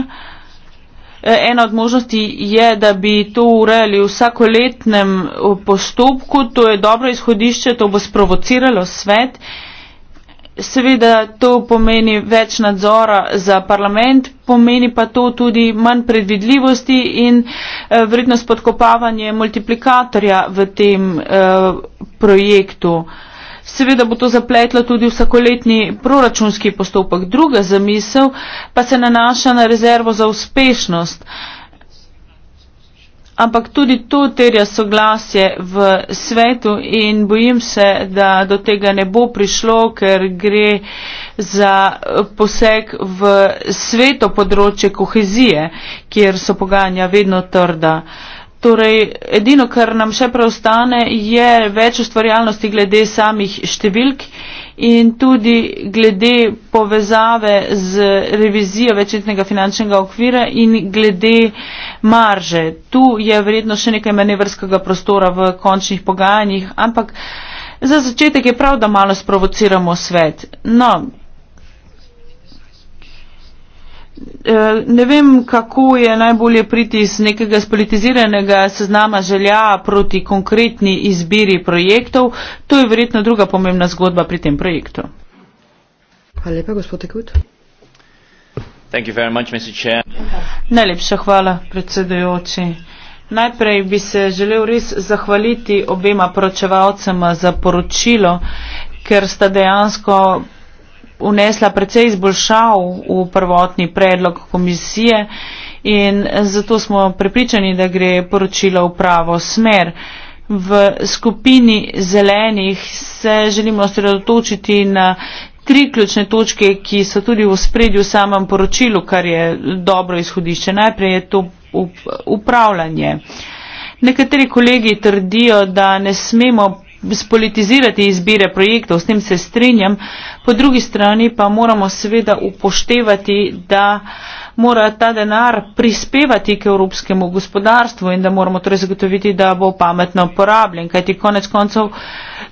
Eh, ena od možnosti je, da bi to urejali v vsakoletnem eh, postopku. To je dobro izhodišče, to bo sprovociralo svet. Uh, Seveda to pomeni več nadzora za parlament, pomeni pa to tudi manj predvidljivosti in eh, vredno spodkopavanje multiplikatorja v tem eh, projektu. Seveda bo to zapletlo tudi vsakoletni proračunski postopek. Druga zamisel pa se nanaša na rezervo za uspešnost. Eh, ampak tudi to terja soglasje v svetu in bojim se, da do tega ne bo prišlo, ker gre za poseg v sveto področje kohezije, kjer so pogajanja vedno trda. Torej, edino, kar nam še preostane, je več ustvarjalnosti glede samih številk in tudi glede povezave z revizijo večletnega finančnega okvira in glede marže. Tu je vredno še nekaj manevrskega prostora v končnih pogajanjih, ampak za začetek je prav, da malo sprovociramo svet. No, Eh, ne vem, kako je najbolje priti iz nekega spolitiziranega seznama želja proti konkretni izbiri projektov. To je verjetno druga pomembna zgodba pri tem projektu. Hvala lepa, gospod Tekut. Najlepša hvala, predsedujoči. Najprej bi se želel res zahvaliti obema poročevalcema za poročilo, ker sta dejansko unesla precej izboljšav v prvotni predlog komisije in zato smo prepričani, da gre poročilo v pravo smer. V skupini zelenih se želimo sredotočiti na tri ključne točke, ki so tudi v spredju v samem poročilu, kar je dobro izhodišče. Najprej je to upravljanje. Nekateri kolegi trdijo, da ne smemo spolitizirati izbire projektov, s tem se strinjam. Po drugi strani pa moramo seveda upoštevati, da mora ta denar prispevati k evropskemu gospodarstvu in da moramo torej zagotoviti, da bo pametno porabljen, kajti konec koncev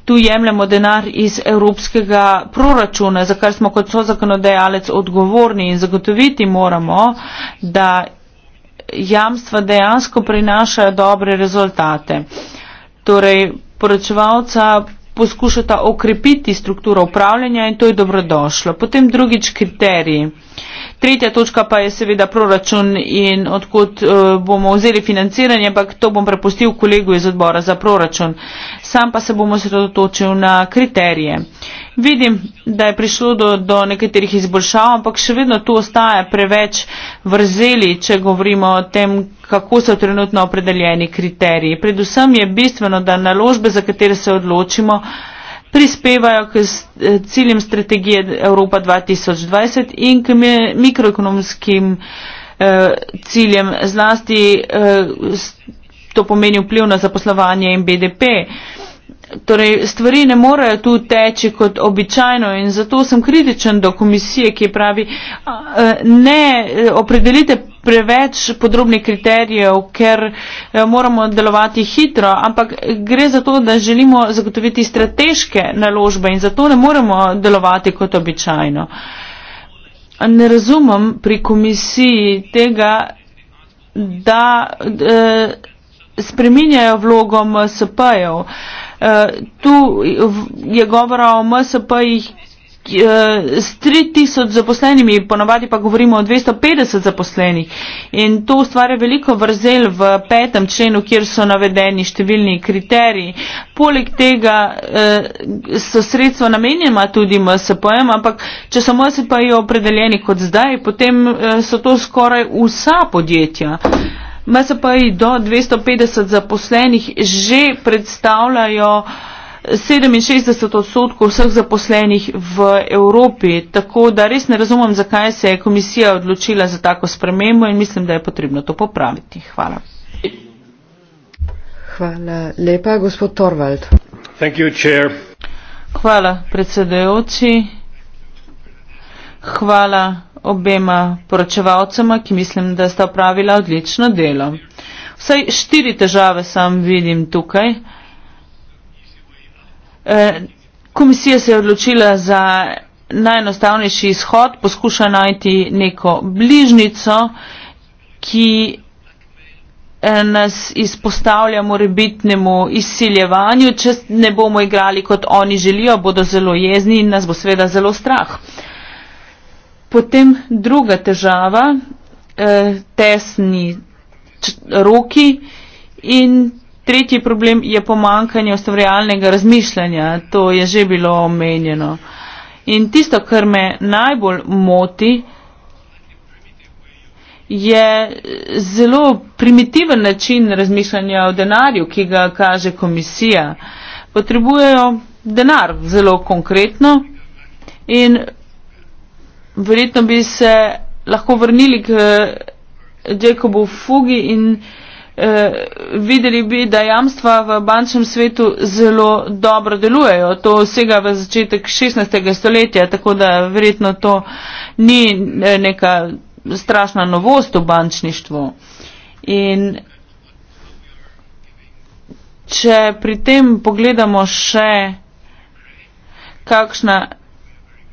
tu jemljemo denar iz evropskega proračuna, za kar smo kot so zakonodajalec odgovorni in zagotoviti moramo, da jamstva dejansko prinašajo dobre rezultate. Torej, poročevalca poskušata okrepiti strukturo upravljanja in to je dobrodošlo. Potem drugič kriteriji. Tretja točka pa je seveda proračun in odkot eh, bomo vzeli financiranje, ampak to bom prepustil kolegu iz odbora za proračun. Sam pa se bomo sredotočil na kriterije. Uh, Vidim, da je prišlo do, do nekaterih izboljšav, ampak še vedno tu ostaja preveč vrzeli, če govorimo o tem, kako so trenutno opredeljeni kriteriji. Predvsem je bistveno, da naložbe, za katere se odločimo, prispevajo k eh, ciljem strategije Evropa 2020 in k mikroekonomskim eh, ciljem, zlasti eh, to pomeni vpliv na zaposlovanje in BDP. Eh, Torej, stvari ne morejo tu teči kot običajno in zato sem kritičen do komisije, ki pravi, e, ne e, opredelite preveč podrobnih kriterijev, ker e, moramo delovati hitro, ampak gre za to, da želimo zagotoviti strateške naložbe in zato ne moremo delovati kot običajno. Ne razumem pri komisiji tega, da, da spreminjajo vlogo MSP-jev tu je govora o MSP-jih s 3000 eh, zaposlenimi, ponovadi pa govorimo o 250 zaposlenih. In to ustvarja veliko vrzel v petem členu, kjer so navedeni številni kriteriji. Poleg tega eh, so sredstva namenjena tudi MSP-jem, ampak če so MSP-ji opredeljeni kot zdaj, potem eh, so to skoraj vsa podjetja. MSP-ji do 250 zaposlenih že predstavljajo 67 odstotkov vseh zaposlenih v Evropi, tako da res ne razumem, zakaj se je komisija odločila za tako spremembo in mislim, da je potrebno to popraviti. Hvala. Hvala lepa, gospod Torvald. Thank you, chair. Hvala, predsedajoči. Hvala obema poročevalcema, ki mislim, da sta upravila odlično delo. Vsaj štiri težave sam vidim tukaj. E, komisija se je odločila za najenostavnejši izhod, poskuša najti neko bližnico, ki e, nas izpostavlja morebitnemu izsiljevanju. Če ne bomo igrali kot oni želijo, bodo zelo jezni in nas bo seveda zelo strah. Potem druga težava, eh, tesni roki in tretji problem je pomankanje ustvarjalnega razmišljanja, to je že bilo omenjeno. In tisto, kar me najbolj moti, je zelo primitiven način razmišljanja o denarju, ki ga kaže komisija. Potrebujejo denar zelo konkretno in verjetno bi se lahko vrnili k eh, Jacobu Fugi in eh, videli bi, da jamstva v bančnem svetu zelo dobro delujejo. To vsega v začetek 16. stoletja, tako da verjetno to ni eh, neka strašna novost v bančništvu. In če pri tem pogledamo še kakšna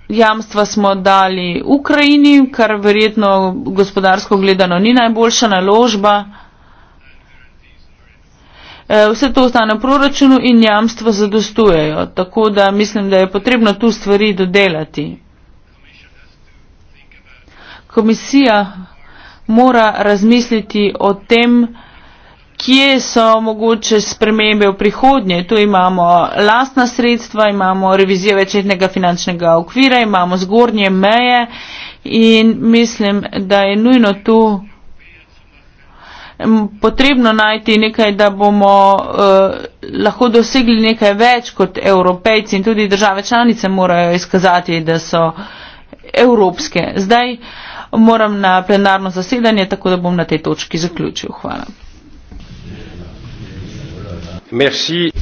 jamstva smo dali Ukrajini, kar verjetno gospodarsko gledano ni najboljša naložba. E, vse to ostane v proračunu in jamstva zadostujejo, tako da mislim, da je potrebno tu stvari dodelati. Komisija mora razmisliti o tem, kje so mogoče spremembe v prihodnje. Tu imamo lastna sredstva, imamo revizijo večetnega finančnega okvira, imamo zgornje meje in mislim, da je nujno tu potrebno najti nekaj, da bomo eh, lahko dosegli nekaj več kot evropejci in tudi države članice morajo izkazati, da so evropske. Zdaj moram na plenarno zasedanje, tako da bom na tej točki zaključil. Hvala. Merci.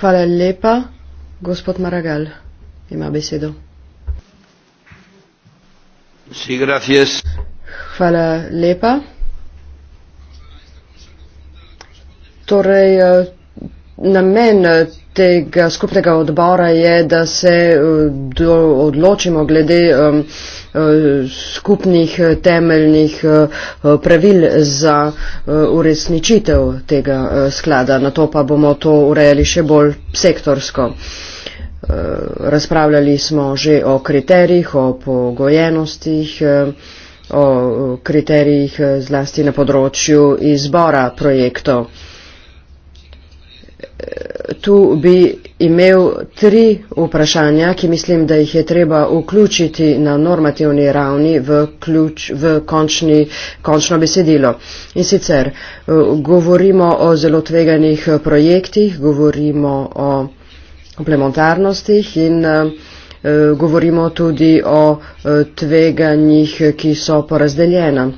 Hvala lepa. Gospod Maragal ima besedo. Sí, gracias. Hvala lepa. Torej, eh, namen eh, tega skupnega odbora je, da se eh, odločimo glede um, Eh, skupnih eh, temeljnih eh, pravil za uresničitev tega sklada. Na to pa bomo to urejali še bolj sektorsko. Razpravljali smo že o kriterijih, o pogojenostih, o kriterijih zlasti na področju izbora projektov tu bi imel tri vprašanja, ki mislim, da jih je treba vključiti na normativni ravni v, ključ, v končni, končno besedilo. In sicer eh, govorimo o zelo tveganih projektih, govorimo o komplementarnostih in eh, govorimo tudi o eh, tveganjih, ki so porazdeljena.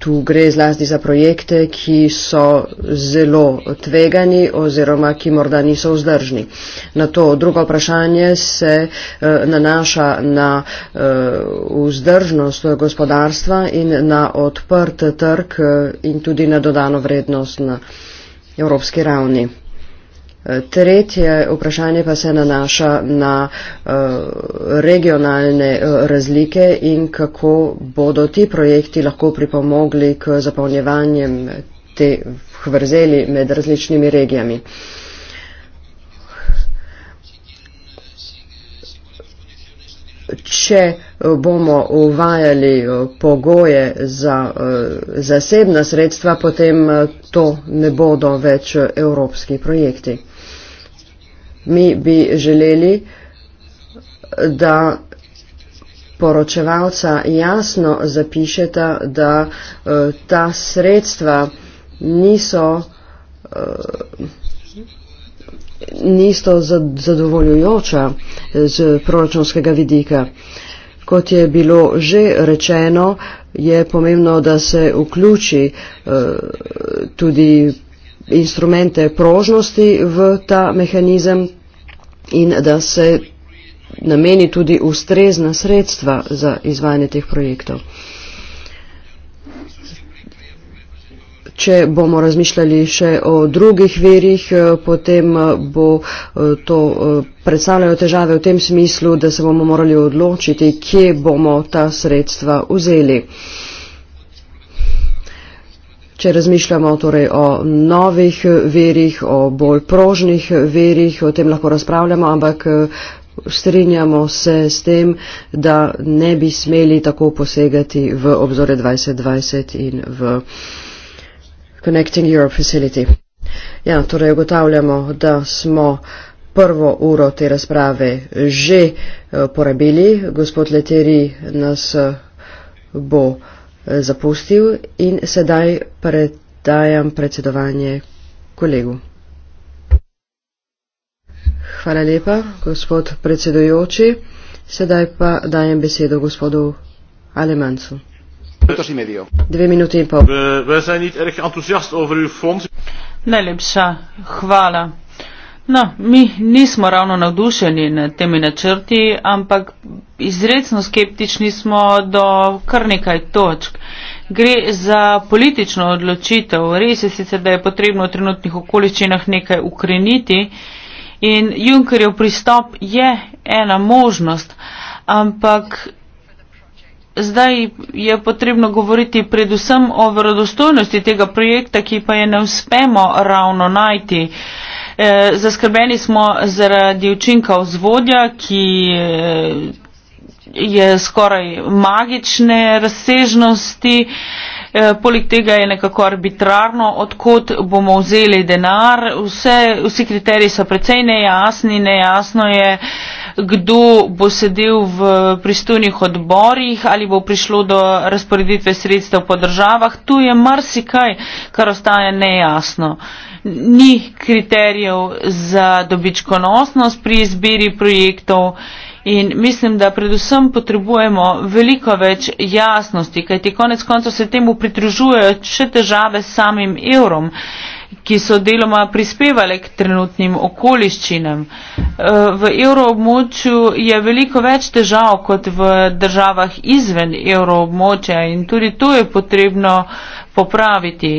Tu gre zlasti za projekte, ki so zelo tvegani oziroma ki morda niso vzdržni. Na to drugo vprašanje se eh, nanaša na eh, vzdržnost gospodarstva in na odprt trg eh, in tudi na dodano vrednost na evropski ravni. Eh, tretje vprašanje pa se nanaša na eh, regionalne eh, razlike in kako bodo ti projekti lahko pripomogli k zapolnjevanjem te hvrzeli med različnimi regijami. Če bomo uvajali pogoje za zasebna sredstva, potem to ne bodo več evropski projekti. Mi bi želeli, da poročevalca jasno zapišeta, da eh, ta sredstva niso, eh, niso zadovoljujoča eh, z proračunskega vidika. Kot je bilo že rečeno, je pomembno, da se vključi tudi instrumente prožnosti v ta mehanizem in da se nameni tudi ustrezna sredstva za izvajanje teh projektov. Če bomo razmišljali še o drugih verjih, eh, potem eh, bo eh, to predstavljalo težave v tem smislu, da se bomo morali odločiti, kje bomo ta sredstva vzeli če razmišljamo torej o novih verih, o bolj prožnih verih, o tem lahko razpravljamo, ampak eh, strinjamo se s tem, da ne bi smeli tako posegati v obzore 2020 in v Connecting Europe Facility. Ja, torej ugotavljamo, da smo prvo uro te razprave že eh, porabili. Gospod Leteri nas eh, bo. Eh, zapustil in sedaj predajam predsedovanje kolegu. Hvala lepa, gospod predsedujoči. Sedaj pa dajem besedo gospodu Alemancu. Dve minuti in pol. Eh, Najlepša hvala. No, mi nismo ravno navdušeni nad temi načrti, ampak izredno skeptični smo do kar nekaj točk. Gre za politično odločitev. Res je sicer, da je potrebno v trenutnih okoliščinah nekaj ukreniti in Junkerjev pristop je ena možnost, ampak zdaj je potrebno govoriti predvsem o verodostojnosti tega projekta, ki pa je ne uspemo ravno najti. Uh, Eh, zaskrbeni smo zaradi učinka vzvodja, ki eh, je skoraj magične razsežnosti. Eh, poleg tega je nekako arbitrarno, odkot bomo vzeli denar. Vse, vsi kriteriji so precej nejasni, nejasno je, eh, kdo bo sedel v pristojnih odborih, ali bo prišlo do razporeditve sredstev po državah. Tu je marsikaj, kar ostaja nejasno. Ni kriterijev za dobičkonosnost pri izbiri projektov. In mislim, da predvsem potrebujemo veliko več jasnosti, kajti konec koncev se temu pridružujejo še težave samim evrom ki so deloma prispevale k trenutnim okoliščinam. Eh, v evroobmočju je veliko več težav kot v državah izven evroobmočja in tudi to je potrebno popraviti.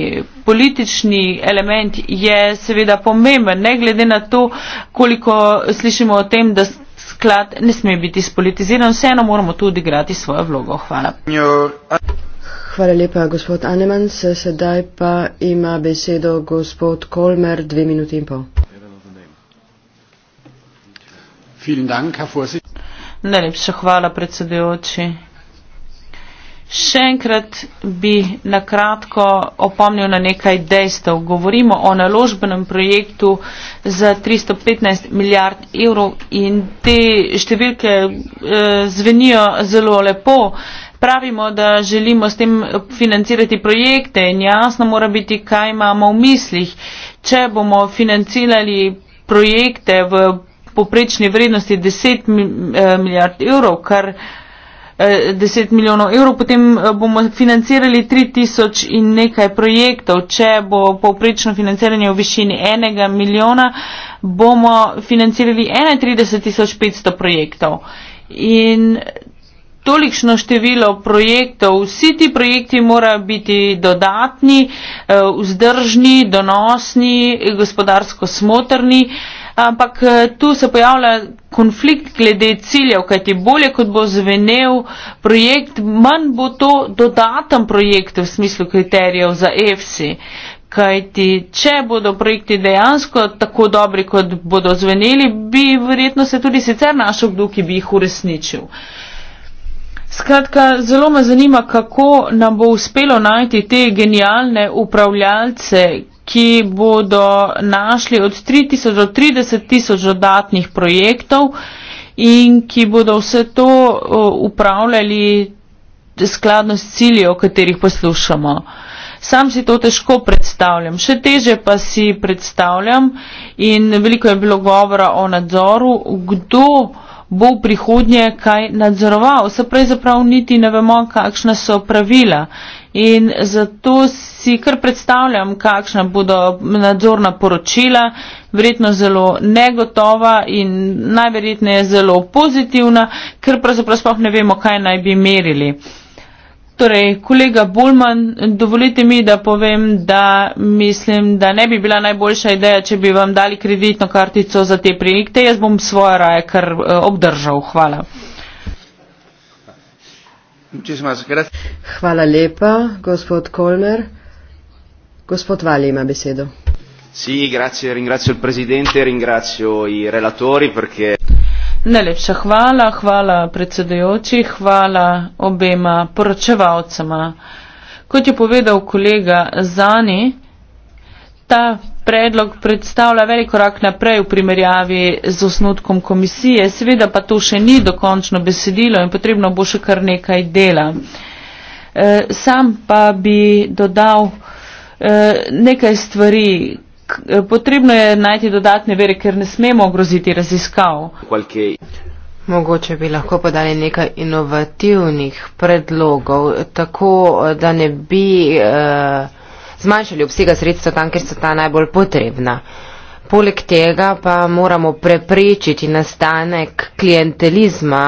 Politični element je seveda pomemben, ne glede na to, koliko slišimo o tem, da sklad ne sme biti spolitiziran, vseeno moramo tudi igrati svojo vlogo. Hvala. Your... Hvala lepa, gospod Aneman. Se sedaj pa ima besedo gospod Kolmer, dve minuti in pol. Najlepša hvala, predsedujoči. Še enkrat bi nakratko opomnil na nekaj dejstev. Govorimo o naložbenem projektu za 315 milijard evrov in te številke eh, zvenijo zelo lepo, pravimo, da želimo s tem financirati projekte in jasno mora biti, kaj imamo v mislih. Če bomo financirali projekte v poprečni vrednosti 10 eh, milijard evrov, kar 10 eh, milijonov evrov, potem eh, bomo financirali 3000 in nekaj projektov. Če bo povprečno financiranje v višini 1 milijona, bomo financirali 31.500 projektov. In tolikšno število projektov, vsi ti projekti morajo biti dodatni, eh, vzdržni, donosni, gospodarsko smotrni, ampak eh, tu se pojavlja konflikt glede ciljev, kajti bolje, kot bo zvenel projekt, manj bo to dodaten projekt v smislu kriterijev za EFSI. Kajti, če bodo projekti dejansko tako dobri, kot bodo zveneli, bi verjetno se tudi sicer našel kdo, ki bi jih uresničil. Uh, Skratka, zelo me zanima, kako nam bo uspelo najti te genialne upravljalce, ki bodo našli od 3000 do 30 tisoč dodatnih projektov in ki bodo vse to upravljali skladno s cilji, o katerih poslušamo. Sam si to težko predstavljam, še teže pa si predstavljam in veliko je bilo govora o nadzoru, kdo bo v prihodnje kaj nadzoroval. Se pravzaprav niti ne vemo, kakšna so pravila. In zato si kar predstavljam, kakšna bodo nadzorna poročila, verjetno zelo negotova in najverjetneje zelo pozitivna, ker pravzaprav sploh ne vemo, kaj naj bi merili. Torej, kolega Bulman, dovolite mi, da povem, da mislim, da ne bi bila najboljša ideja, če bi vam dali kreditno kartico za te projekte. Jaz bom svoje raje kar eh, obdržal. Hvala. Hvala lepa, gospod Kolmer. Gospod Vali ima besedo. Sì, grazie, ringrazio il Presidente, ringrazio i relatori perché... Najlepša hvala, hvala predsedajoči, hvala obema poročevalcema. Kot je povedal kolega Zani, ta predlog predstavlja velik korak naprej v primerjavi z osnutkom komisije, seveda pa to še ni dokončno besedilo in potrebno bo še kar nekaj dela. Eh, sam pa bi dodal eh, nekaj stvari, Eh, potrebno je najti dodatne vere, ker ne smemo groziti raziskav. Okay. Mogoče bi lahko podali nekaj inovativnih predlogov, tako eh, da ne bi uh, zmanjšali obsega sredstva tam, kjer so ta najbolj potrebna. Poleg tega pa moramo preprečiti nastanek klientelizma.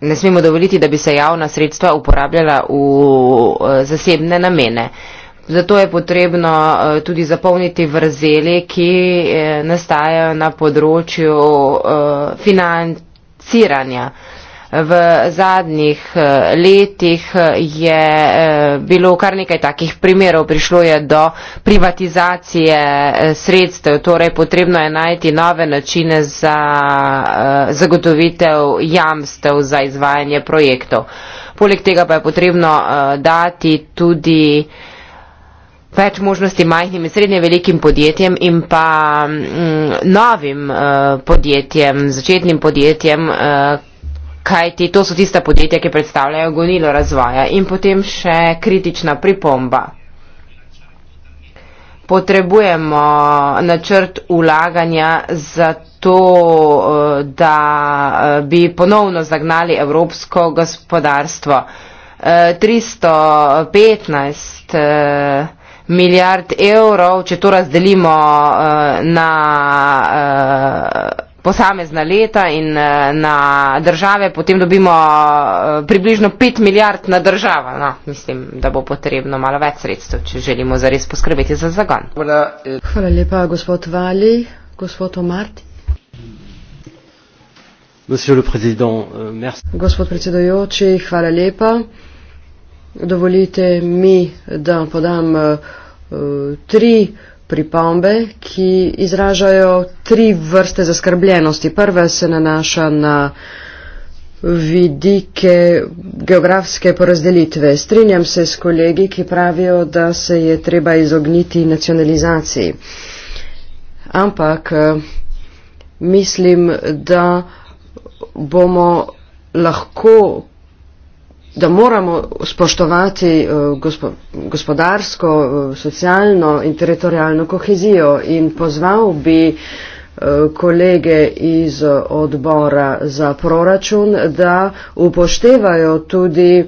Ne smemo dovoliti, da bi se javna sredstva uporabljala v zasebne namene. Zato je potrebno eh, tudi zapolniti vrzeli, ki eh, nastajajo na področju eh, financiranja. V zadnjih letih je bilo kar nekaj takih primerov, prišlo je do privatizacije sredstev, torej potrebno je najti nove načine za zagotovitev jamstev za izvajanje projektov. Poleg tega pa je potrebno dati tudi več možnosti majhnim in srednje velikim podjetjem in pa m, mm, novim uh, podjetjem, začetnim podjetjem, uh, kajti to so tista podjetja, ki predstavljajo gonilo razvoja. In potem še kritična pripomba. Potrebujemo načrt ulaganja za to, eh, da bi ponovno zagnali evropsko gospodarstvo. 315 milijard evrov, če to razdelimo uh, na uh, posamezna leta in uh, na države, potem dobimo uh, približno 5 milijard na država. No, mislim, da bo potrebno malo več sredstev, če želimo zares poskrbeti za zagon. Hvala lepa, gospod Vali, gospod Omarti. Euh, gospod predsedujoči, hvala lepa dovolite mi, da podam uh, tri pripombe, ki izražajo tri vrste zaskrbljenosti. Prva se nanaša na vidike geografske porazdelitve. Strinjam se s kolegi, ki pravijo, da se je treba izogniti nacionalizaciji. Ampak eh, mislim, da bomo lahko da moramo spoštovati eh, gospodarsko, eh, socialno in teritorijalno kohezijo in pozval bi eh, kolege iz odbora za proračun, da upoštevajo tudi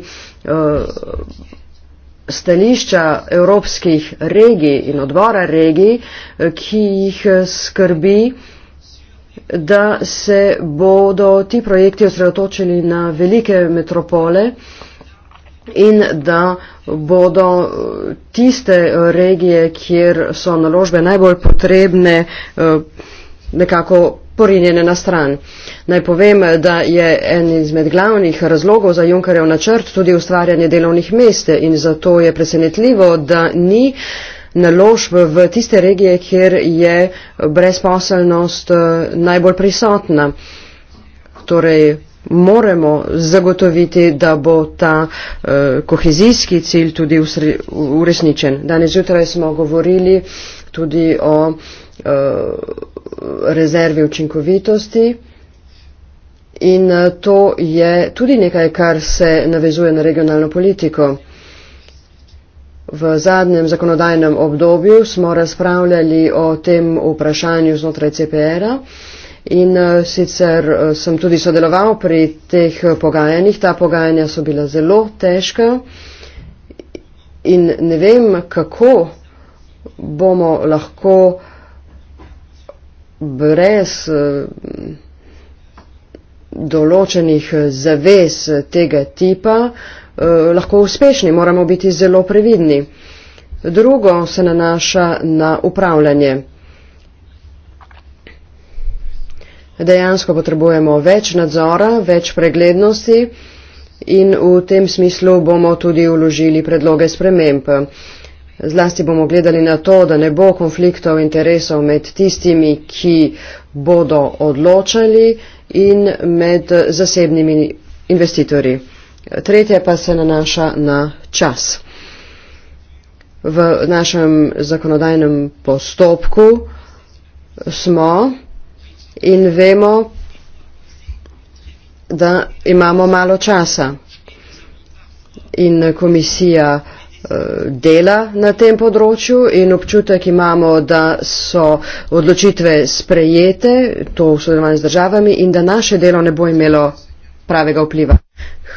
stališča evropskih regij in odbora regij, ki jih skrbi da se bodo ti projekti osredotočili na velike metropole in da bodo tiste regije, kjer so naložbe najbolj potrebne, eh, nekako porinjene na stran. Naj povem, da je en izmed glavnih razlogov za Junkarjev načrt tudi ustvarjanje delovnih mest in zato je presenetljivo, da ni naložb v tiste regije, kjer je brezposelnost eh, najbolj prisotna. Torej, moramo zagotoviti, da bo ta eh, kohezijski cilj tudi uresničen. Danes zjutraj smo govorili tudi o eh, rezervi učinkovitosti in eh, to je tudi nekaj, kar se navezuje na regionalno politiko. V zadnjem zakonodajnem obdobju smo razpravljali o tem vprašanju znotraj CPR-a in eh, sicer eh, sem tudi sodeloval pri teh pogajanjih. Ta pogajanja so bila zelo težka in ne vem, kako bomo lahko brez eh, določenih zaves tega tipa Eh, lahko uspešni, moramo biti zelo previdni. Drugo se nanaša na upravljanje. Dejansko potrebujemo več nadzora, več preglednosti in v tem smislu bomo tudi uložili predloge sprememb. Zlasti bomo gledali na to, da ne bo konfliktov interesov med tistimi, ki bodo odločali in med zasebnimi investitorji. Tretje pa se nanaša na čas. V našem zakonodajnem postopku smo in vemo, da imamo malo časa. In komisija eh, dela na tem področju in občutek imamo, da so odločitve sprejete, to v sodelovanju z državami, in da naše delo ne bo imelo pravega vpliva.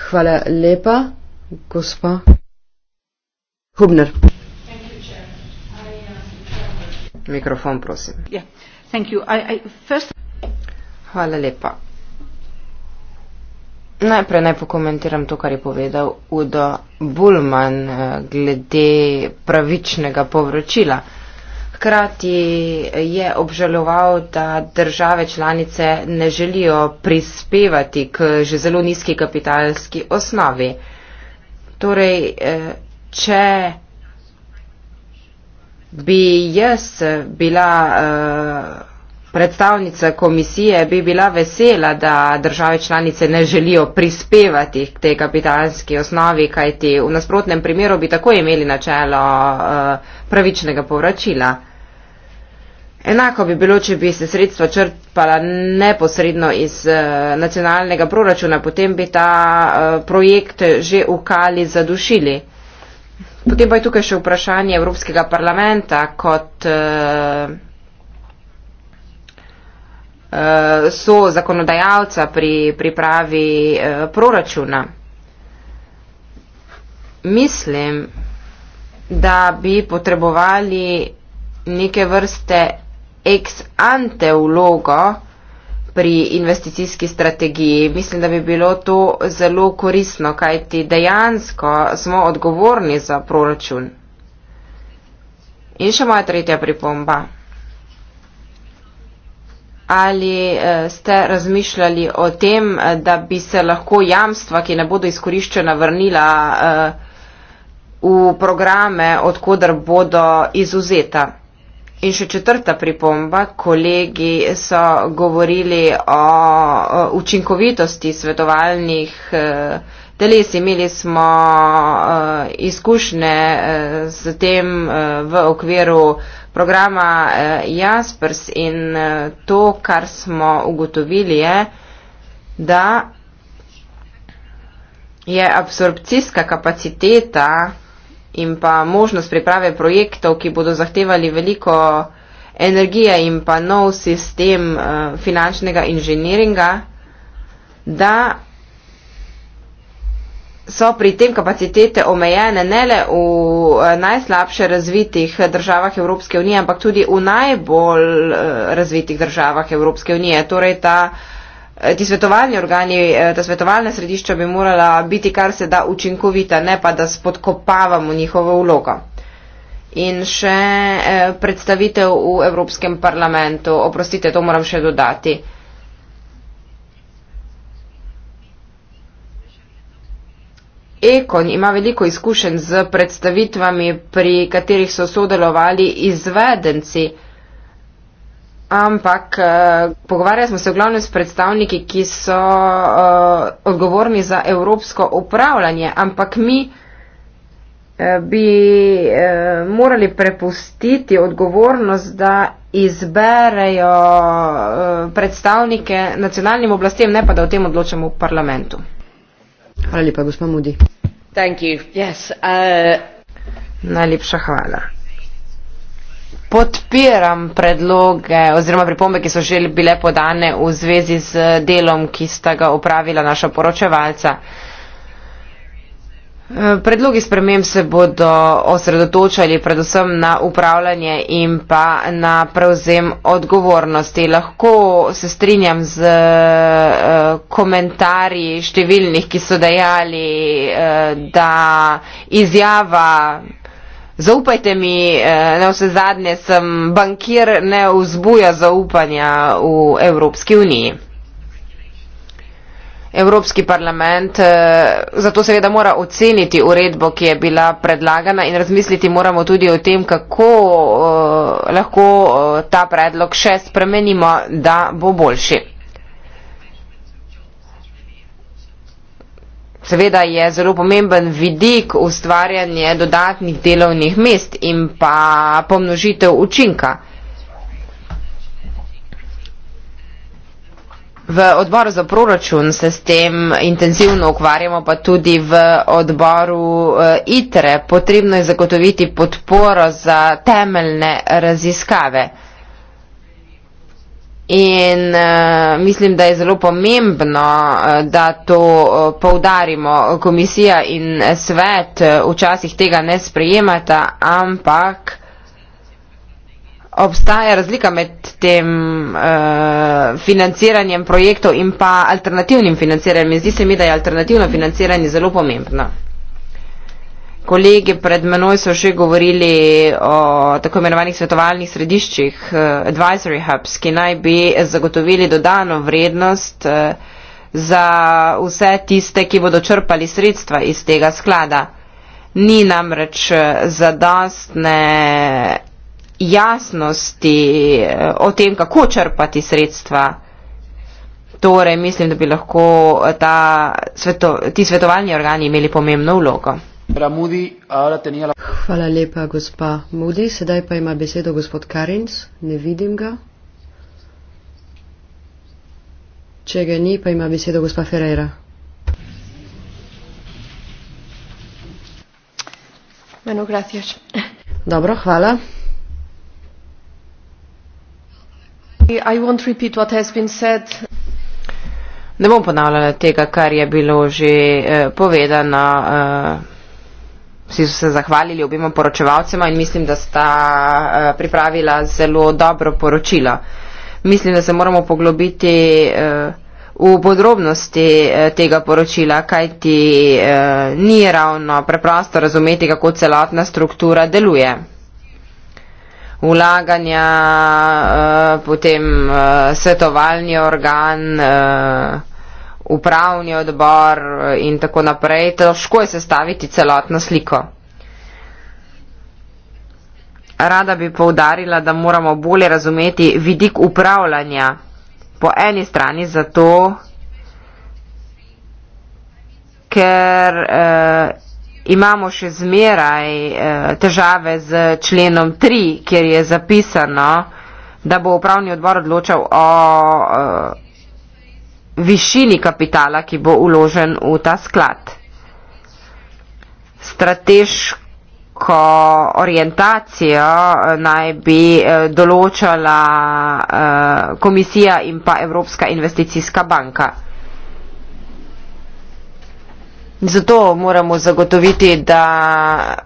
Hvala lepa, gospa Hubner. Mikrofon, prosim. Hvala lepa. Najprej naj pokomentiram to, kar je povedal Udo Bulman eh, glede pravičnega povročila. Hkrati je obžaloval, da države članice ne želijo prispevati k že zelo nizki kapitalski osnovi. Torej, eh, če bi jaz bila. Uh, Predstavnica komisije bi bila vesela, da države članice ne želijo prispevati k tej kapitalski osnovi, kajti v nasprotnem primeru bi tako imeli načelo eh, pravičnega povračila. Enako bi bilo, če bi se sredstva črpala neposredno iz eh, nacionalnega proračuna, potem bi ta eh, projekt že ukali zadušili. Potem pa je tukaj še vprašanje Evropskega parlamenta kot uh, so zakonodajalca pri pripravi uh, proračuna. Mislim, da bi potrebovali neke vrste ex ante vlogo pri investicijski strategiji. Mislim, da bi bilo to zelo korisno, kajti dejansko smo odgovorni za proračun. In še moja tretja pripomba. Ali eh, ste razmišljali o tem, eh, da bi se lahko jamstva, ki ne bodo izkoriščena, vrnila eh, v programe, odkudar bodo izuzeta? In še četrta pripomba, kolegi so govorili o učinkovitosti svetovalnih teles, imeli smo uh, izkušnje uh, s tem uh, v okviru programa uh, Jaspers in uh, to, kar smo ugotovili, je, da je absorpcijska kapaciteta in pa možnost priprave projektov, ki bodo zahtevali veliko energije in pa nov sistem uh, finančnega inženiringa, da so pri tem kapacitete omejene ne le v eh, najslabše razvitih eh, državah Evropske unije, ampak tudi v najbolj eh, razvitih državah Evropske unije. Torej ta, ti svetovalni organi, ta svetovalna središča bi morala biti kar se da učinkovita, ne pa da spodkopavamo njihovo vlogo. In še predstavitev v Evropskem parlamentu. Oprostite, to moram še dodati. Ekon ima veliko izkušenj z predstavitvami, pri katerih so sodelovali izvedenci, ampak eh, pogovarjali smo se v glavnem s predstavniki, ki so eh, odgovorni za evropsko upravljanje, ampak mi eh, bi eh, morali prepustiti odgovornost, da izberejo eh, predstavnike nacionalnim oblastem, ne pa da o tem odločamo v parlamentu. Hvala lepa, gospod Mudi. Thank you. Yes, uh... Najlepša hvala. Podpiram predloge oziroma pripombe, ki so že bile podane v zvezi z delom, ki sta ga upravila naša poročevalca. Eh, predlogi sprememb se bodo osredotočali predvsem na upravljanje in pa na prevzem odgovornosti. Lahko se strinjam z eh, komentarji številnih, ki so dejali, eh, da izjava zaupajte mi, na vse zadnje sem bankir, ne vzbuja zaupanja v Evropski uniji. Evropski parlament eh, zato seveda mora oceniti uredbo, ki je bila predlagana in razmisliti moramo tudi o tem, kako eh, lahko eh, ta predlog še spremenimo, da bo boljši. Seveda je zelo pomemben vidik ustvarjanje dodatnih delovnih mest in pa pomnožitev učinka. V odboru za proračun se s tem intenzivno ukvarjamo, pa tudi v odboru eh, ITRE. Potrebno je zagotoviti podporo za temeljne raziskave. In uh, mislim, da je zelo pomembno, uh, da to uh, poudarimo. Komisija in svet uh, včasih tega ne sprejemata, ampak obstaja razlika med tem uh, financiranjem projektov in pa alternativnim financiranjem. Zdi se mi, da je alternativno financiranje zelo pomembno. Kolegi pred menoj so še govorili o tako imenovanih svetovalnih središčih, eh, advisory hubs, ki naj bi zagotovili dodano vrednost eh, za vse tiste, ki bodo črpali sredstva iz tega sklada. Ni namreč zadostne jasnosti eh, o tem, kako črpati sredstva. Torej, mislim, da bi lahko eh, ta, sveto, ti svetovalni organi imeli pomembno vlogo. Hvala lepa, gospa Mudi. Sedaj pa ima besedo gospod Karins. Ne vidim ga. Če ga ni, pa ima besedo gospa Ferreira. Dobro, hvala. Ne bom ponavljala tega, kar je bilo že eh, povedano. Eh, vsi so se zahvalili obima poročevalcema in mislim, da sta eh, pripravila zelo dobro poročilo. Mislim, da se moramo poglobiti eh, v podrobnosti eh, tega poročila, kajti eh, ni ravno preprosto razumeti, kako celotna struktura deluje vlaganja, eh, potem eh, svetovalni organ, eh, upravni odbor in tako naprej. Težko je sestaviti celotno sliko. Rada bi povdarila, da moramo bolje razumeti vidik upravljanja. Po eni strani zato, ker eh, imamo še zmeraj eh, težave z členom 3, kjer je zapisano, da bo upravni odbor odločal o eh, višini kapitala, ki bo uložen v ta sklad. Strateško orientacijo eh, naj bi določala komisija in pa Evropska investicijska banka. Zato moramo zagotoviti, da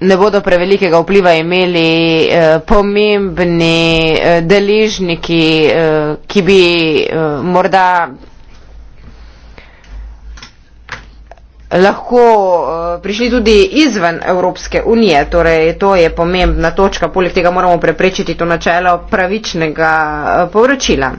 ne bodo prevelikega vpliva imeli eh, pomembni eh, deležniki, eh, ki bi eh, morda lahko eh, prišli tudi izven Evropske unije. Torej, to je pomembna točka, poleg tega moramo preprečiti to načelo pravičnega eh, povračila.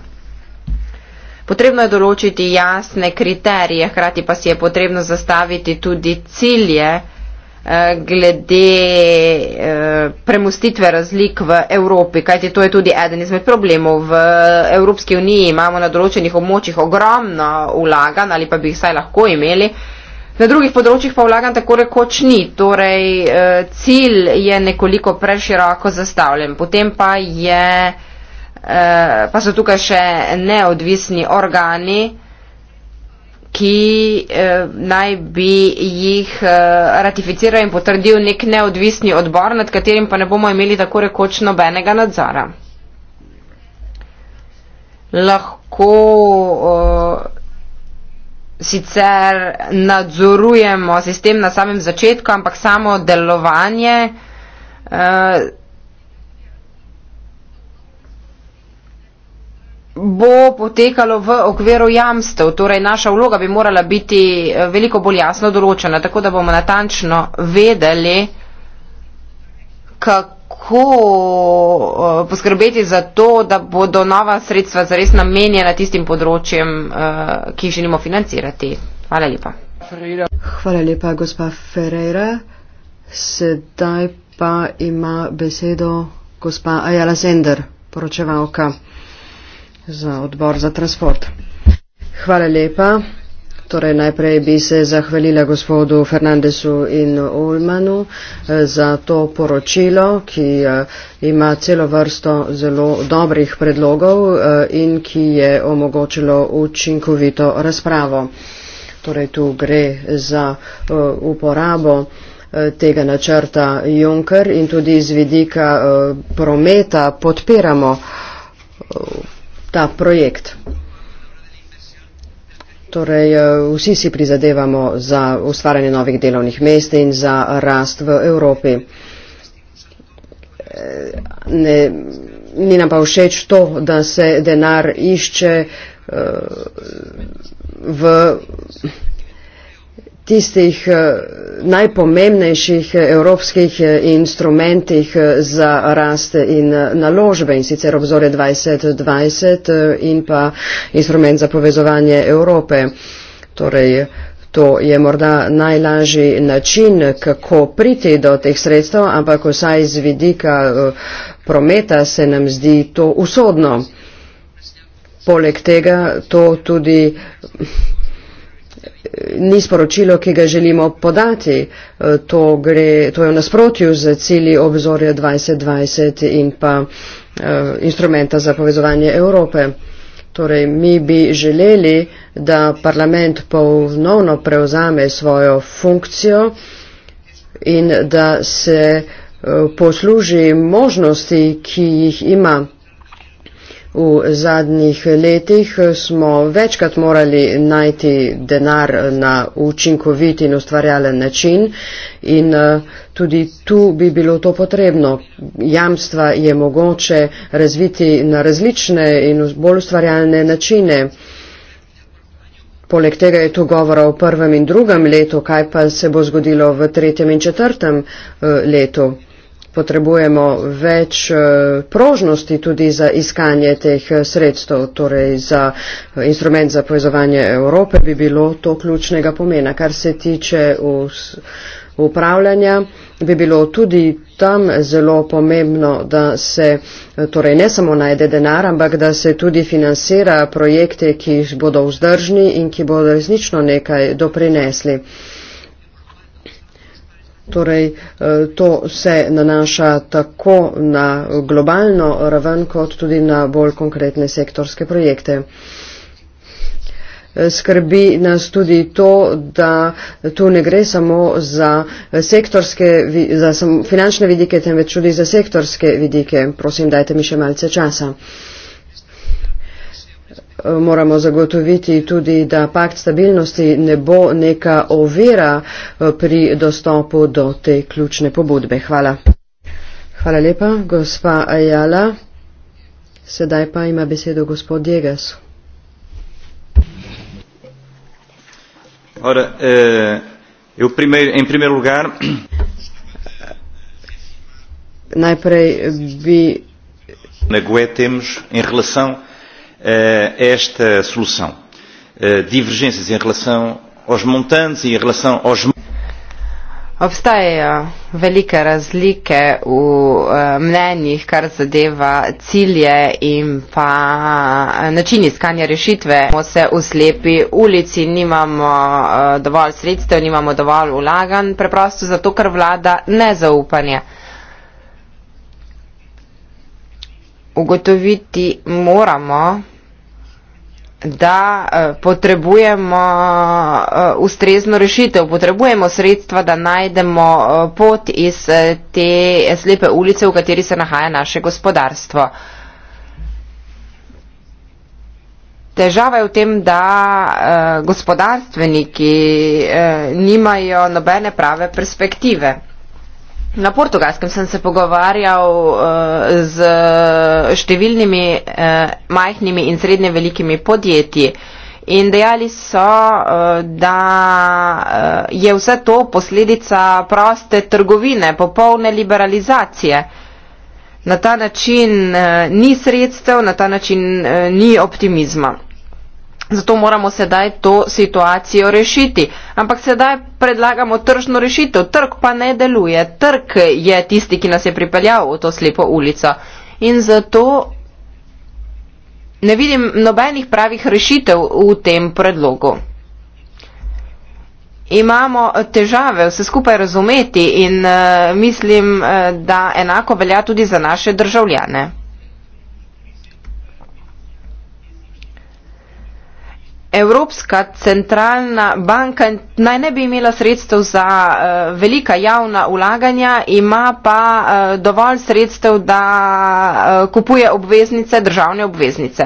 Potrebno je določiti jasne kriterije, hkrati pa si je potrebno zastaviti tudi cilje eh, glede eh, premustitve razlik v Evropi, kajti to je tudi eden izmed problemov. V Evropski uniji imamo na določenih območjih ogromno vlaganj ali pa bi jih saj lahko imeli. Na drugih področjih pa vlagan takore kot ni, torej eh, cilj je nekoliko preširoko zastavljen. Potem pa je. Eh, pa so tukaj še neodvisni organi, ki eh, naj bi jih eh, ratificiral in potrdil nek neodvisni odbor, nad katerim pa ne bomo imeli tako rekoč nobenega nadzora. Lahko sicer nadzorujemo sistem na samem začetku, ampak samo delovanje bo potekalo v okviru jamstev. Torej, naša vloga bi morala biti eh, veliko bolj jasno določena, tako da bomo natančno vedeli, kako eh, poskrbeti za to, da bodo nova sredstva zares namenjena tistim področjem, eh, ki jih želimo financirati. Hvala lepa. Hvala lepa, gospa Ferreira. Sedaj pa ima besedo gospa Ajala Zender, poročevalka za odbor za transport. Hvala lepa. Torej, najprej bi se zahvalila gospodu Fernandesu in Ulmanu eh, za to poročilo, ki eh, ima celo vrsto zelo dobrih predlogov eh, in ki je omogočilo učinkovito razpravo. Torej, tu gre za uporabo tega načrta Juncker in tudi iz vidika prometa podpiramo ta projekt. Torej, eh, vsi si prizadevamo za ustvarjanje novih delovnih mest in za rast v Evropi. Eh, ne, ni nam pa všeč to, da se denar išče uh, v tistih eh, najpomembnejših eh, evropskih eh, instrumentih za rast in naložbe in sicer obzore 2020 in pa instrument za povezovanje Evrope. Torej, To je morda najlažji način, kako priti do teh sredstev, ampak vsaj z vidika prometa se nam zdi to usodno. Poleg tega to tudi ni sporočilo, ki ga želimo podati. E, to, gre, to je v nasprotju z cilji obzorja 2020 in pa e, instrumenta za povezovanje Evrope. Torej, mi bi želeli, da parlament ponovno prevzame svojo funkcijo in da se e, posluži možnosti, ki jih ima V zadnjih letih eh, smo večkrat morali najti denar eh, na učinkovit in ustvarjalen način in eh, tudi tu bi bilo to potrebno. Jamstva je mogoče razviti na različne in bolj ustvarjalne načine. Poleg tega je tu govora o prvem in drugem letu, kaj pa se bo zgodilo v tretjem in četrtem letu potrebujemo več eh, prožnosti tudi za iskanje teh eh, sredstev, torej za eh, instrument za povezovanje Evrope bi bilo to ključnega pomena. Kar se tiče upravljanja, bi bilo tudi tam zelo pomembno, da se torej ne samo najde denar, ampak da se tudi financira projekte, ki bodo vzdržni in ki bodo resnično nekaj doprinesli. Torej, eh, to se nanaša tako na globalno raven, kot tudi na bolj konkretne sektorske projekte. Eh, skrbi nas tudi to, da tu ne gre samo za, za finančne vidike, temveč tudi za sektorske vidike. Prosim, dajte mi še malce časa moramo zagotoviti tudi, da pakt stabilnosti ne bo neka ovira eh, pri dostopu do te ključne pobudbe. Hvala. Hvala lepa, gospa Ajala. Sedaj pa ima besedo gospod Diegas. Ora, eh, eu primeiro, em primeiro lugar. Najprej bi. Na Goethe temos, em relação Eh, esta solução. Eh, divergências em relação aos montantes e em relação aos. Obstajajo velike razlike v eh, mnenjih, kar zadeva cilje in pa način iskanja rešitve. Smo se v slepi ulici, nimamo dovolj sredstev, nimamo dovolj ulagan, preprosto zato, ker vlada nezaupanje. ugotoviti moramo, da eh, potrebujemo eh, ustrezno rešitev, potrebujemo sredstva, da najdemo eh, pot iz te slepe ulice, v kateri se nahaja naše gospodarstvo. Težava je v tem, da gospodarstveniki nimajo nobene prave perspektive. Na portugalskem sem se pogovarjal uh, z številnimi uh, majhnimi in srednje velikimi podjetji in dejali so, uh, da uh, je vse to posledica proste trgovine, popolne liberalizacije. Na ta način uh, ni sredstev, na ta način uh, ni optimizma. Zato moramo sedaj to situacijo rešiti. Ampak sedaj predlagamo tržno rešitev. Trg pa ne deluje. Trg je tisti, ki nas je pripeljal v to slepo ulico. In zato ne vidim nobenih pravih rešitev v tem predlogu. Imamo težave vse skupaj razumeti in uh, mislim, uh, da enako velja tudi za naše državljane. Evropska centralna banka naj ne bi imela sredstev za uh, velika javna ulaganja, ima pa uh, dovolj sredstev, da uh, kupuje obveznice, državne obveznice.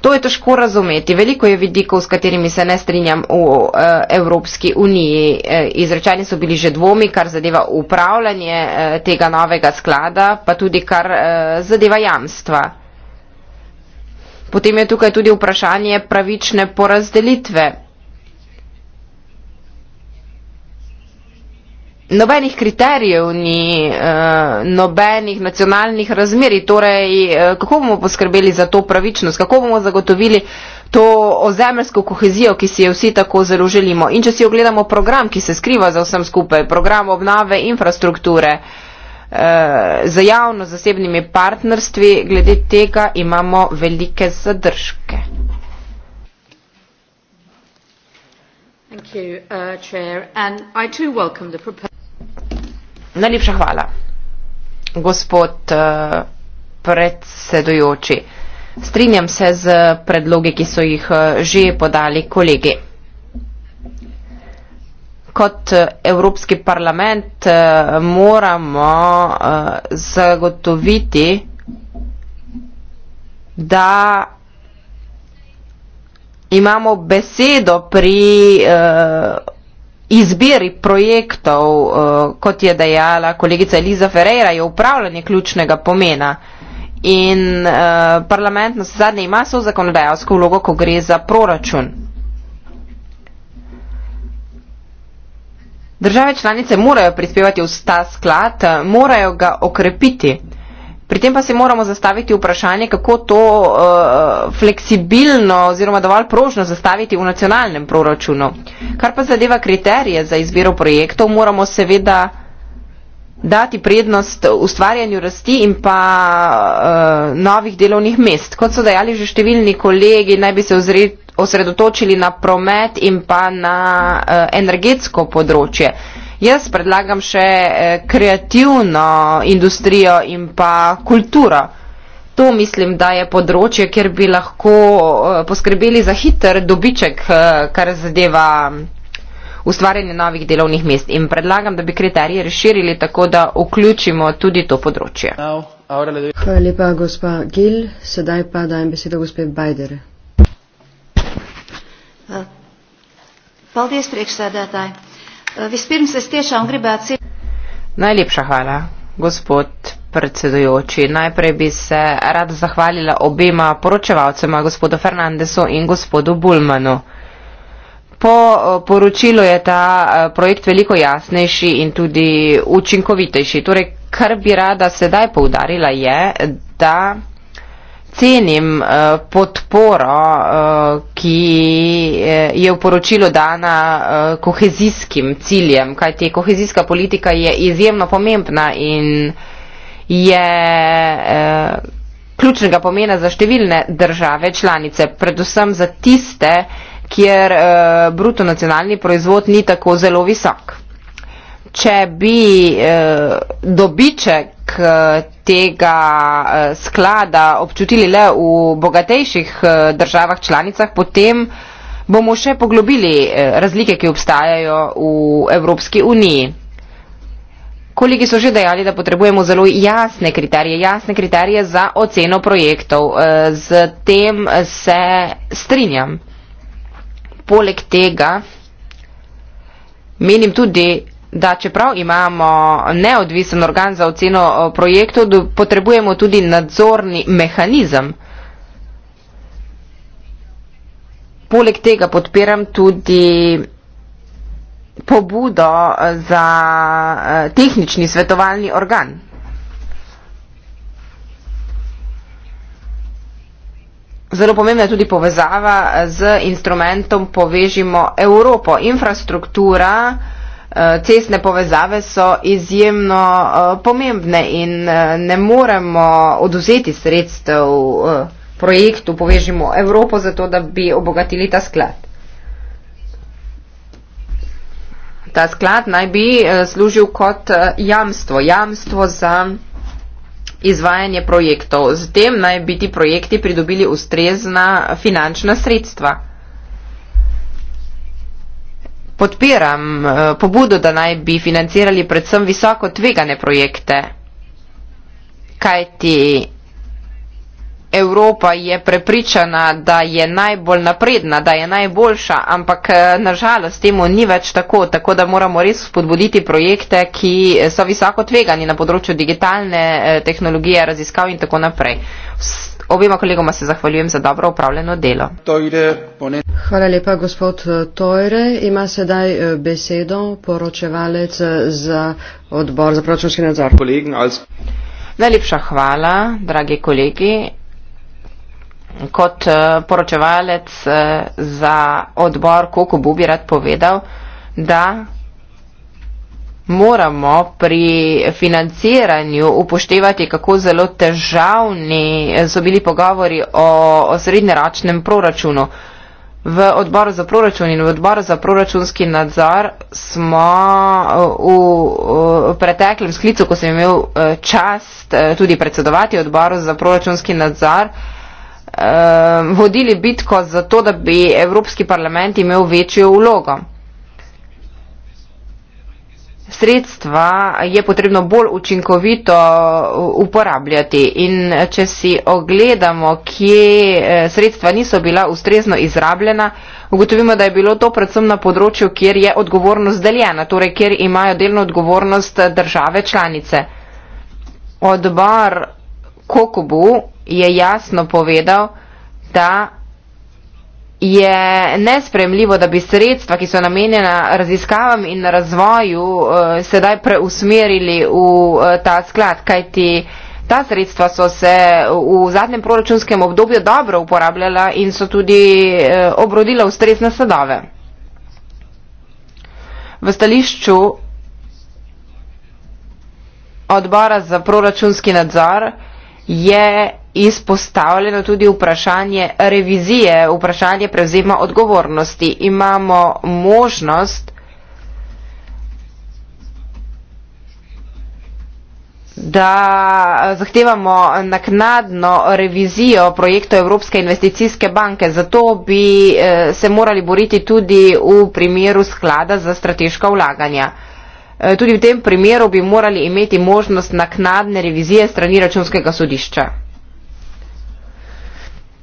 To je težko razumeti. Veliko je vidikov, s katerimi se ne strinjam v e, Evropski uniji. E, izrečeni so bili že dvomi, kar zadeva upravljanje e, tega novega sklada, pa tudi kar e, zadeva jamstva. Potem je tukaj tudi vprašanje pravične porazdelitve. Nobenih kriterijev ni, eh, nobenih nacionalnih razmeri, torej eh, kako bomo poskrbeli za to pravičnost, kako bomo zagotovili to ozemeljsko kohezijo, ki si jo vsi tako zelo želimo. In če si ogledamo program, ki se skriva za vsem skupaj, program obnave infrastrukture, uh, za javno-zasebnimi partnerstvi, glede tega imamo velike zadržke. You, uh, Najlepša hvala, gospod uh, predsedujoči. Strinjam se z predloge, ki so jih eh, že podali kolegi kot eh, Evropski parlament eh, moramo eh, zagotoviti, da imamo besedo pri izbiri projektov, kot je dejala kolegica Eliza Ferreira, je upravljanje ključnega pomena. In eh, parlament na zadnje ima so zakonodajalsko vlogo, ko gre za proračun. Države članice morajo prispevati v ta sklad, eh, morajo ga okrepiti. Pri tem pa se moramo zastaviti vprašanje, kako to uh, fleksibilno oziroma dovolj prožno zastaviti v nacionalnem proračunu. Kar pa zadeva kriterije za izbiro projektov, moramo seveda dati prednost ustvarjanju rasti in pa uh, novih delovnih mest. Kot so dejali že številni kolegi, naj bi se ozred, osredotočili na promet in pa na uh, energetsko področje. Jaz predlagam še uh, kreativno industrijo in pa kulturo. To mislim, da je področje, kjer bi lahko uh, poskrbeli za hiter dobiček, uh, kar zadeva. Uh, ustvarjanje novih delovnih mest. In predlagam, da bi kriterije razširili tako, da vključimo tudi to področje. Hvala lepa, gospa Gil. Sedaj pa dajem besedo gospe Bajder. Eh, paldies, priekšsēdētāji. Eh, vispirms es tiešām gribētu cīt. Najlepša hvala, gospod predsedujoči. Najprej bi se rada zahvalila obima poročevalcema, gospodu Fernandesu in gospodu Bulmanu. Po eh, poročilu je ta eh, projekt veliko jasnejši in tudi učinkovitejši. Torej, kar bi rada sedaj poudarila je, da cenim eh, podporo, ki je v poročilu dana kohezijskim ciljem, kajti kohezijska politika je izjemno pomembna in je ključnega pomena za številne države članice, predvsem za tiste, kjer uh, bruto nacionalni proizvod ni tako zelo visok. Če bi uh, dobiček uh, tega uh, sklada občutili le v bogatejših uh, državah članicah, potem bomo še poglobili uh, razlike, ki obstajajo v Evropski uniji. Kolegi so že dejali, da potrebujemo zelo jasne kriterije, jasne kriterije za oceno projektov. Z tem se strinjam poleg tega menim tudi, da čeprav imamo neodvisen organ za oceno projektov, potrebujemo tudi nadzorni mehanizem. Poleg tega podpiram tudi pobudo e, za e, tehnični svetovalni organ. Zelo pomembna je tudi povezava z instrumentom Povežimo Evropo. Infrastruktura, eh, cestne povezave so izjemno eh, pomembne in eh, ne moremo oduzeti sredstev projektu Povežimo Evropo za to, da bi obogatili ta sklad. Ta sklad naj bi služil kot jamstvo, jamstvo za izvajanje projektov. Z tem naj bi ti projekti pridobili ustrezna finančna sredstva. Podpiram eh, pobudo, da naj bi financirali predvsem visoko tvegane projekte, kajti Evropa je prepričana, da je najbolj napredna, da je najboljša, ampak eh, nažalost temu ni več tako, tako da moramo res spodbuditi projekte, ki so visoko tvegani na področju digitalne eh, tehnologije, raziskav in tako naprej. Obima kolegoma se zahvaljujem za dobro upravljeno delo. Hvala lepa, gospod eh, Tojre. Ima sedaj besedo poročevalec za odbor za proračunski nadzor. Najlepša hvala, dragi kolegi. Kot eh, poročevalec eh, za odbor Kokobu bi rad povedal, da moramo pri financiranju upoštevati, kako zelo težavni eh, so bili pogovori o, o srednjeročnem proračunu. V odboru za proračun in v odboru za proračunski nadzor smo v, v preteklem sklicu, ko sem imel čast tudi predsedovati odboru za proračunski nadzor, Ehm, vodili bitko za to, da bi Evropski parlament imel večjo vlogo. Sredstva je potrebno bolj učinkovito uporabljati in če si ogledamo, kje eh, sredstva niso bila ustrezno izrabljena, ugotovimo, da je bilo to predvsem na področju, kjer je odgovornost deljena, torej kjer imajo delno odgovornost države članice. Odbor Kokobu je jasno povedal, da je nespremljivo, da bi sredstva, ki so namenjena raziskavam in razvoju, eh, sedaj preusmerili v eh, ta sklad, kajti ta sredstva so se v zadnjem proračunskem obdobju dobro uporabljala in so tudi eh, obrodila ustrezne sadove. V stališču odbora za proračunski nadzor je izpostavljeno tudi vprašanje revizije, vprašanje prevzema odgovornosti. Imamo možnost, da zahtevamo naknadno revizijo projekta Evropske investicijske banke. Zato bi eh, se morali boriti tudi v primeru sklada za strateška vlaganja. Eh, tudi v tem primeru bi morali imeti možnost naknadne revizije strani računskega sodišča.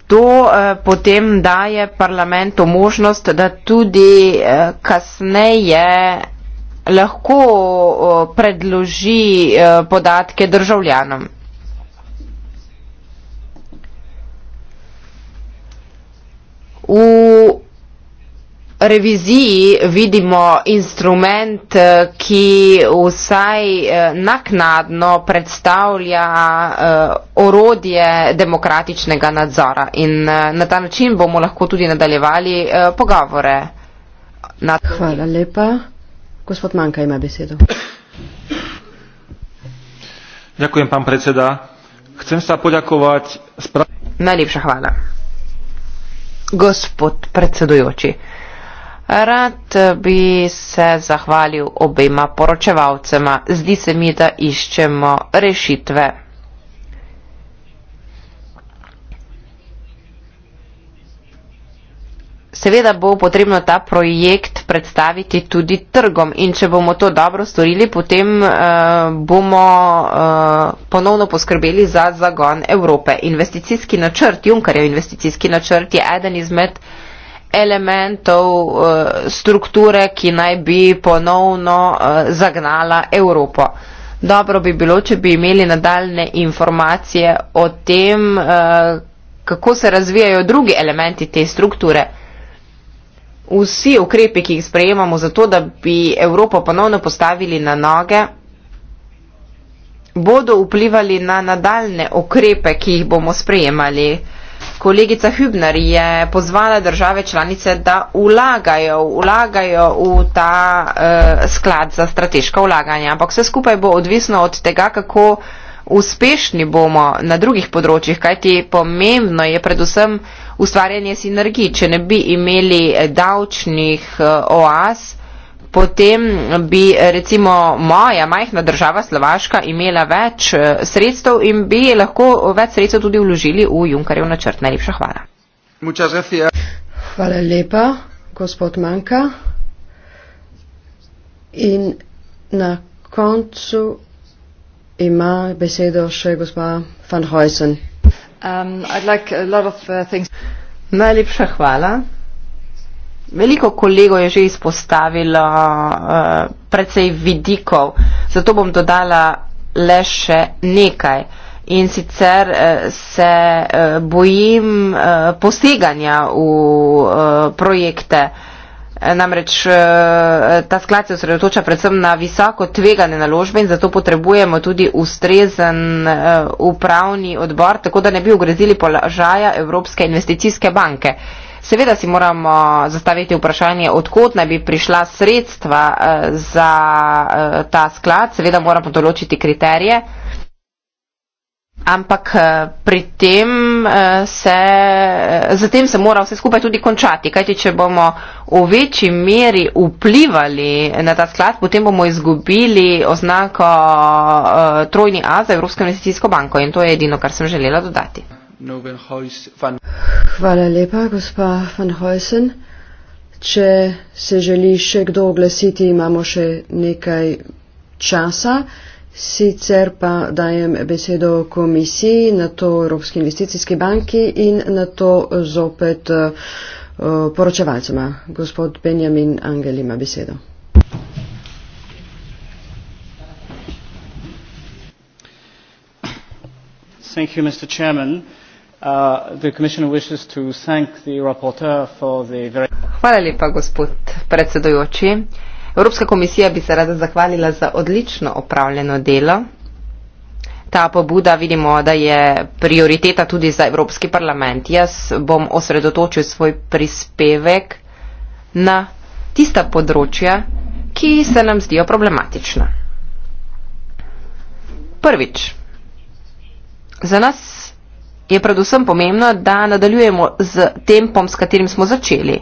To eh, potem daje parlamentu možnost, da tudi eh, kasneje lahko eh, predloži eh, podatke državljanom. V reviziji vidimo instrument, eh, ki vsaj eh, naknadno predstavlja eh, orodje demokratičnega nadzora in na ta način bomo lahko tudi nadaljevali pogovore. Nad... Hvala lepa. Gospod Manka ima besedo. Zahvaljujem, pan predseda. Chcem se poďakovať. Sprav... Najlepša hvala. Gospod predsedujoči. Rad bi se zahvalil obema poročevalcema. Zdi se mi, da iščemo rešitve. Seveda bo potrebno ta projekt predstaviti tudi trgom in če bomo to dobro storili, potem uh, bomo uh, ponovno poskrbeli za zagon Evrope. Investicijski načrt, Junkarjev investicijski načrt je eden izmed uh, elementov eh, strukture, ki naj bi ponovno eh, zagnala Evropo. Dobro bi bilo, če bi imeli nadaljne informacije o tem, eh, kako se razvijajo drugi elementi te strukture. Vsi ukrepi, ki jih sprejemamo zato, da bi Evropo ponovno postavili na noge, bodo vplivali na nadaljne ukrepe, ki jih bomo sprejemali. Uh, kolegica Hübner je pozvala države članice, da ulagajo, ulagajo v ta uh, sklad za strateška ulaganja. Ampak vse skupaj bo odvisno od tega, kako uspešni bomo na drugih področjih, kajti pomembno je predvsem ustvarjanje sinergij. Če ne bi imeli davčnih uh, oaz, uh, potem bi recimo moja majhna država Slovaška imela več eh, sredstev in bi lahko več sredstev tudi vložili v Junkarjev načrt. Najlepša hvala. Hvala lepa, gospod Manka. In na koncu ima besedo še gospa van Heusen. Um, like uh, Najlepša hvala. Veliko kolego je že izpostavilo uh, precej vidikov, zato bom dodala le še nekaj. In sicer eh, se eh, bojim poseganja v projekte. Namreč ta sklad se osredotoča predvsem na visoko tvegane naložbe in zato potrebujemo tudi ustrezen upravni odbor, tako da ne bi ogrezili položaja Evropske investicijske banke. Seveda si moramo zastaviti vprašanje, odkot naj bi prišla sredstva eh, za eh, ta sklad. Seveda moramo določiti kriterije. Ampak eh, pri tem se, za tem se mora vse skupaj tudi končati, kajti če bomo v večji meri vplivali na ta sklad, potem bomo izgubili oznako trojni A za Evropsko investicijsko banko in to je edino, kar sem želela dodati. Hvala lepa, gospa Van Hojsen. Če se želi še kdo oglasiti, imamo še nekaj časa. Sicer pa dajem besedo komisiji, na to Evropski investicijski banki in na to zopet eh, poročevalcema. Gospod Benjamin Angel ima besedo. Thank you, Mr. Chairman. Uh, Hvala lepa, gospod predsedujoči. Evropska komisija bi se rada zahvalila za odlično opravljeno delo. Ta pobuda vidimo, da je prioriteta tudi za Evropski parlament. Jaz bom osredotočil svoj prispevek na tista področja, ki se nam zdijo problematična. Prvič. Za nas je predvsem pomembno, da nadaljujemo z tempom, s katerim smo začeli.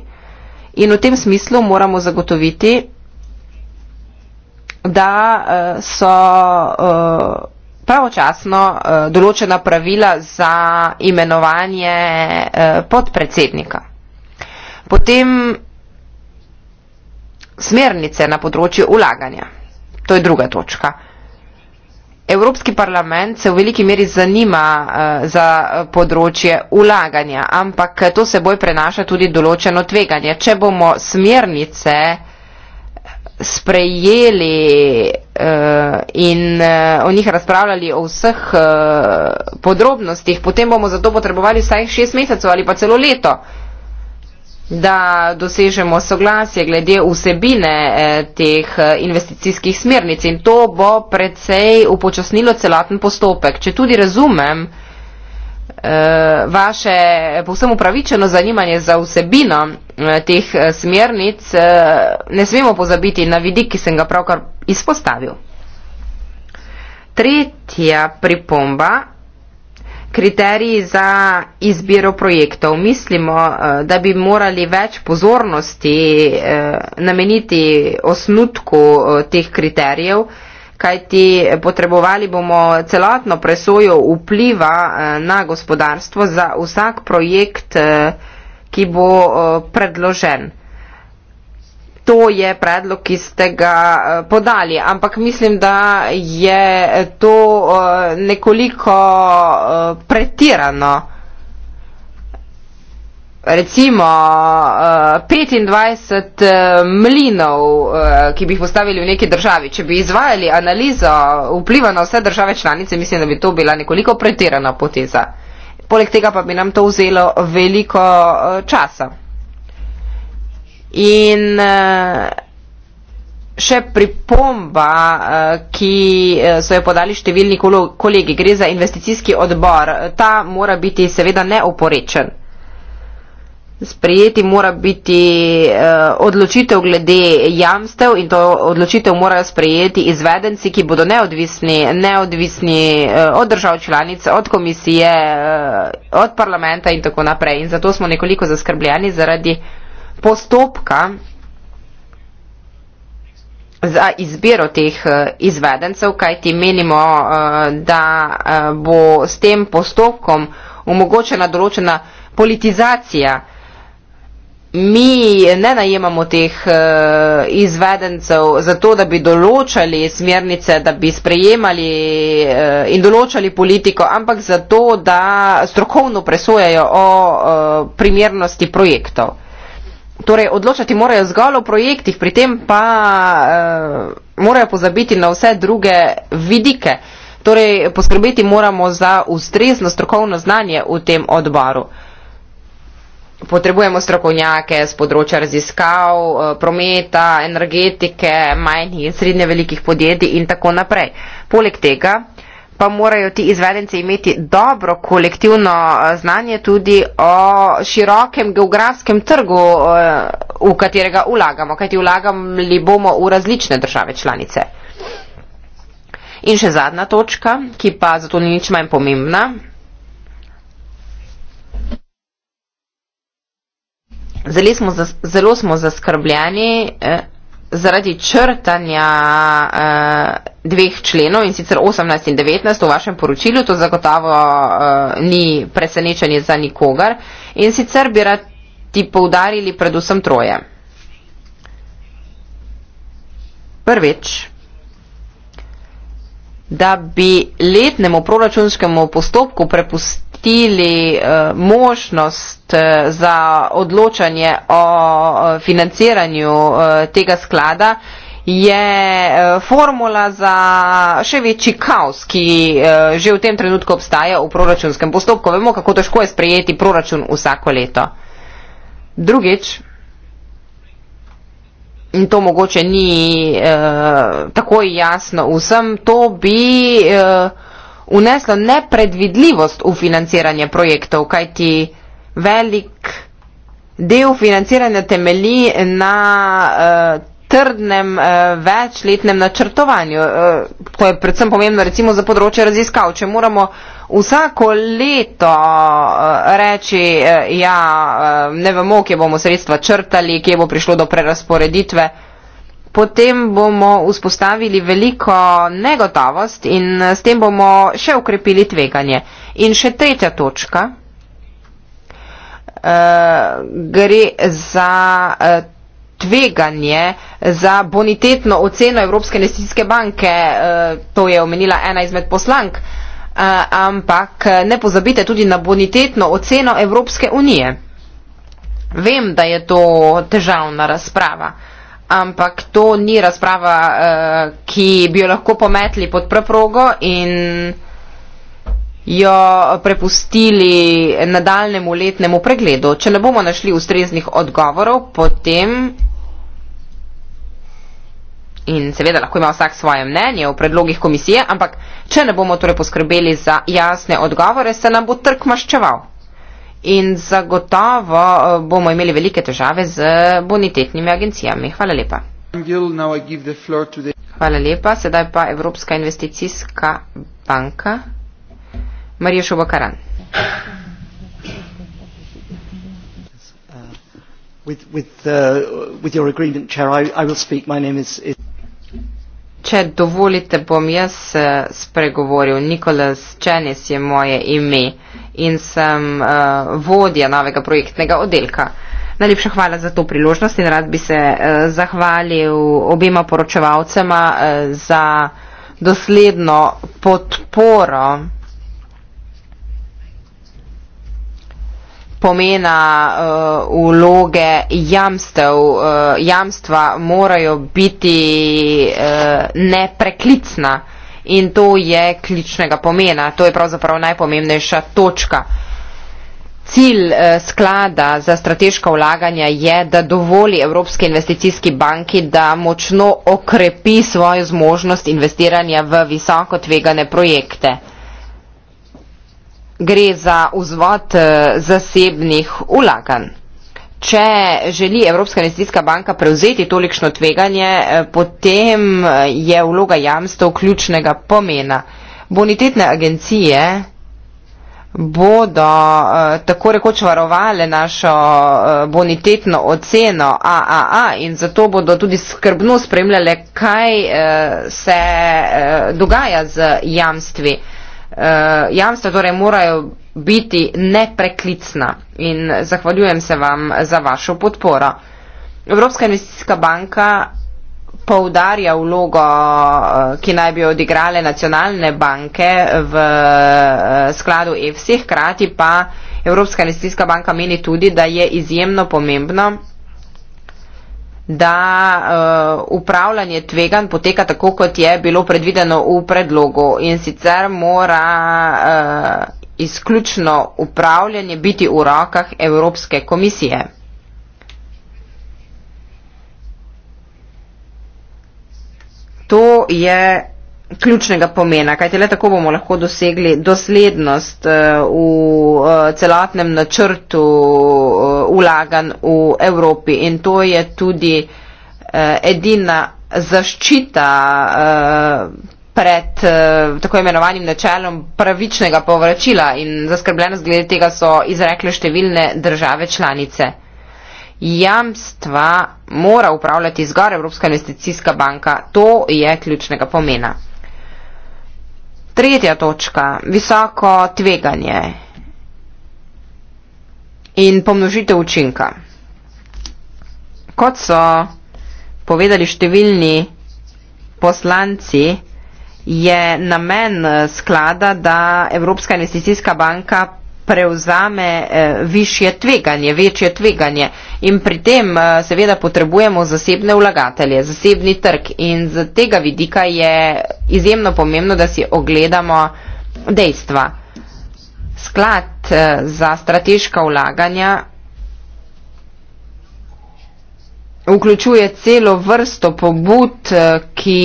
In v tem smislu moramo zagotoviti, da eh, so eh, pravočasno eh, določena pravila za imenovanje podpredsednika. Potem smernice na področju ulaganja. To je druga točka. Evropski parlament se v veliki meri zanima eh, za eh, področje ulaganja, ampak eh, to seboj prenaša tudi določeno tveganje. Če bomo smernice sprejeli in o njih razpravljali o vseh podrobnostih, potem bomo za to potrebovali vsaj šest mesecev ali pa celo leto da dosežemo soglasje glede vsebine eh, teh eh, investicijskih smernic in to bo predvsej upočasnilo celoten postopek. Če tudi razumem eh, vaše povsem upravičeno zanimanje za vsebino teh smernic, ne smemo pozabiti na vidik, ki sem ga pravkar izpostavil. Tretja pripomba kriteriji za izbiro projektov. Mislimo, eh, da bi morali več pozornosti eh, nameniti osnutku eh, teh kriterijev, kajti potrebovali bomo celotno presojo vpliva na gospodarstvo za vsak projekt, ki bo predložen to je predlog, ki ste ga eh, podali. Ampak mislim, da je to eh, nekoliko eh, pretirano. Recimo 25 mlinov, ki bi jih postavili v neki državi. Če bi izvajali analizo vpliva na vse države članice, mislim, da bi to bila nekoliko pretirana poteza. Poleg tega pa bi nam to vzelo veliko časa. In uh, še pripomba, uh, ki uh, so jo podali številni kol kolegi, gre za investicijski odbor. Ta mora biti seveda neoporečen. Sprejeti mora biti uh, odločitev glede jamstev in to odločitev morajo sprejeti izvedenci, ki bodo neodvisni, neodvisni uh, od držav članic, od komisije, uh, od parlamenta in tako naprej. In zato smo nekoliko zaskrbljeni zaradi postopka za izbiro teh eh, izvedencev, kaj ti menimo, eh, da eh, bo s tem postopkom omogočena določena politizacija. Mi ne najemamo teh izvedencev zato, da bi določali smernice, da bi sprejemali in določali politiko, ampak zato, da strokovno presojajo o primernosti projektov torej odločati morajo zgolj o projektih, pri tem pa uh, morajo pozabiti na vse druge vidike. Torej, poskrbeti moramo za ustrezno strokovno znanje v tem odboru. Potrebujemo strokovnjake z področja raziskav, eh, prometa, energetike, majhnih in srednje velikih podjetij in tako naprej. Poleg tega pa morajo ti izvedenci imeti dobro kolektivno eh, znanje tudi o širokem geografskem trgu, eh, v katerega vlagamo, kajti vlagali bomo v različne države članice. In še zadnja točka, ki pa zato ni nič manj pomembna. Zelo smo, zelo smo zaskrbljeni. Eh, zaradi črtanja uh, dveh členov in sicer 18 in 19 v vašem poročilju, to zagotavo uh, eh, ni presenečenje za nikogar in sicer bi radi poudarili predvsem troje. Prvič, da bi letnemu proračunskemu postopku prepustili zapustili uh, eh, možnost uh, za odločanje o uh, financiranju uh, tega sklada, je uh, formula za še večji kaos, ki uh, že v tem trenutku obstaja v proračunskem postopku. Vemo, kako težko je sprejeti proračun vsako leto. Drugič, In to mogoče ni eh, tako jasno vsem, to bi eh, uneslo nepredvidljivost v financiranje projektov, kajti velik del financiranja temelji na uh, trdnem uh, večletnem načrtovanju. Uh, to je predvsem pomembno recimo za področje raziskav. Če moramo vsako leto uh, reči, uh, ja, uh, ne vemo, kje bomo sredstva črtali, kje bo prišlo do prerasporeditve, uh, potem bomo vzpostavili veliko negotovost in eh, s tem bomo še ukrepili tveganje. In še tretja točka. Uh, gre za uh, tveganje za bonitetno oceno Evropske investicijske banke. Uh, to je omenila ena izmed poslank. Uh, ampak ne pozabite tudi na bonitetno oceno Evropske unije. Vem, da je to težavna razprava. Uh, ampak to ni razprava, uh, ki bi jo lahko pometli pod preprogo in jo prepustili nadaljnemu letnemu pregledu. Če ne bomo našli ustreznih odgovorov, potem. In seveda lahko ima vsak svoje mnenje o predlogih komisije, ampak če ne bomo torej poskrbeli za jasne odgovore, se nam bo trg maščeval in zagotovo eh, bomo imeli velike težave z bonitetnimi agencijami. Hvala lepa. Hvala lepa. Sedaj pa Evropska investicijska banka. Marija Šobakaran. Uh, uh, Če dovolite, bom jaz eh, spregovoril. Nikolas Čenis je moje ime. Uh, in sem uh, vodja novega projektnega oddelka. Najlepša hvala za to priložnost in rad bi se uh, zahvalil obima poročevalcema uh, za dosledno podporo pomena uh, vloge jamstev. Uh, jamstva morajo biti uh, nepreklicna in to je ključnega pomena, to je pravzaprav najpomembnejša točka. Cilj eh, sklada za strateška vlaganja je, da dovoli Evropski investicijski banki, da močno okrepi svojo zmožnost investiranja v visoko tvegane projekte. Gre za vzvod eh, zasebnih vlaganj če želi Evropska investicijska banka prevzeti tolikšno tveganje, eh, potem eh, je vloga jamstva ključnega pomena. Bonitetne agencije bodo eh, tako rekoč varovale našo bonitetno oceno AAA in zato bodo tudi skrbno spremljale, kaj se dogaja z jamstvi. Eh, jamstva torej morajo biti nepreklicna in zahvaljujem se vam za vašo podporo. Evropska investicijska banka poudarja vlogo, eh, ki naj bi odigrale nacionalne banke v eh, skladu EFSI, e, hkrati pa Evropska investicijska banka meni tudi, da je izjemno pomembno, da uh, upravljanje tvegan poteka tako, kot je bilo predvideno v predlogu in sicer mora uh, izključno upravljanje biti v rokah Evropske komisije. To je ključnega pomena, kajte le tako bomo lahko dosegli doslednost eh, v eh, celotnem načrtu ulagan eh, v Evropi in to je tudi edina zaščita pred tako imenovanim načelom pravičnega povračila in zaskrbljenost glede tega so izrekle številne države članice. Jamstva mora upravljati zgor Evropska investicijska banka, to je ključnega pomena. Tretja točka, visoko tveganje in pomnožitev učinka. Kot so povedali številni poslanci, je namen sklada, da Evropska investicijska banka prevzame eh, višje tveganje, večje tveganje in pri tem eh, seveda potrebujemo zasebne vlagatelje, zasebni trg in z tega vidika je izjemno pomembno, da si ogledamo dejstva. Sklad eh, za strateška vlaganja vključuje celo vrsto pobud, ki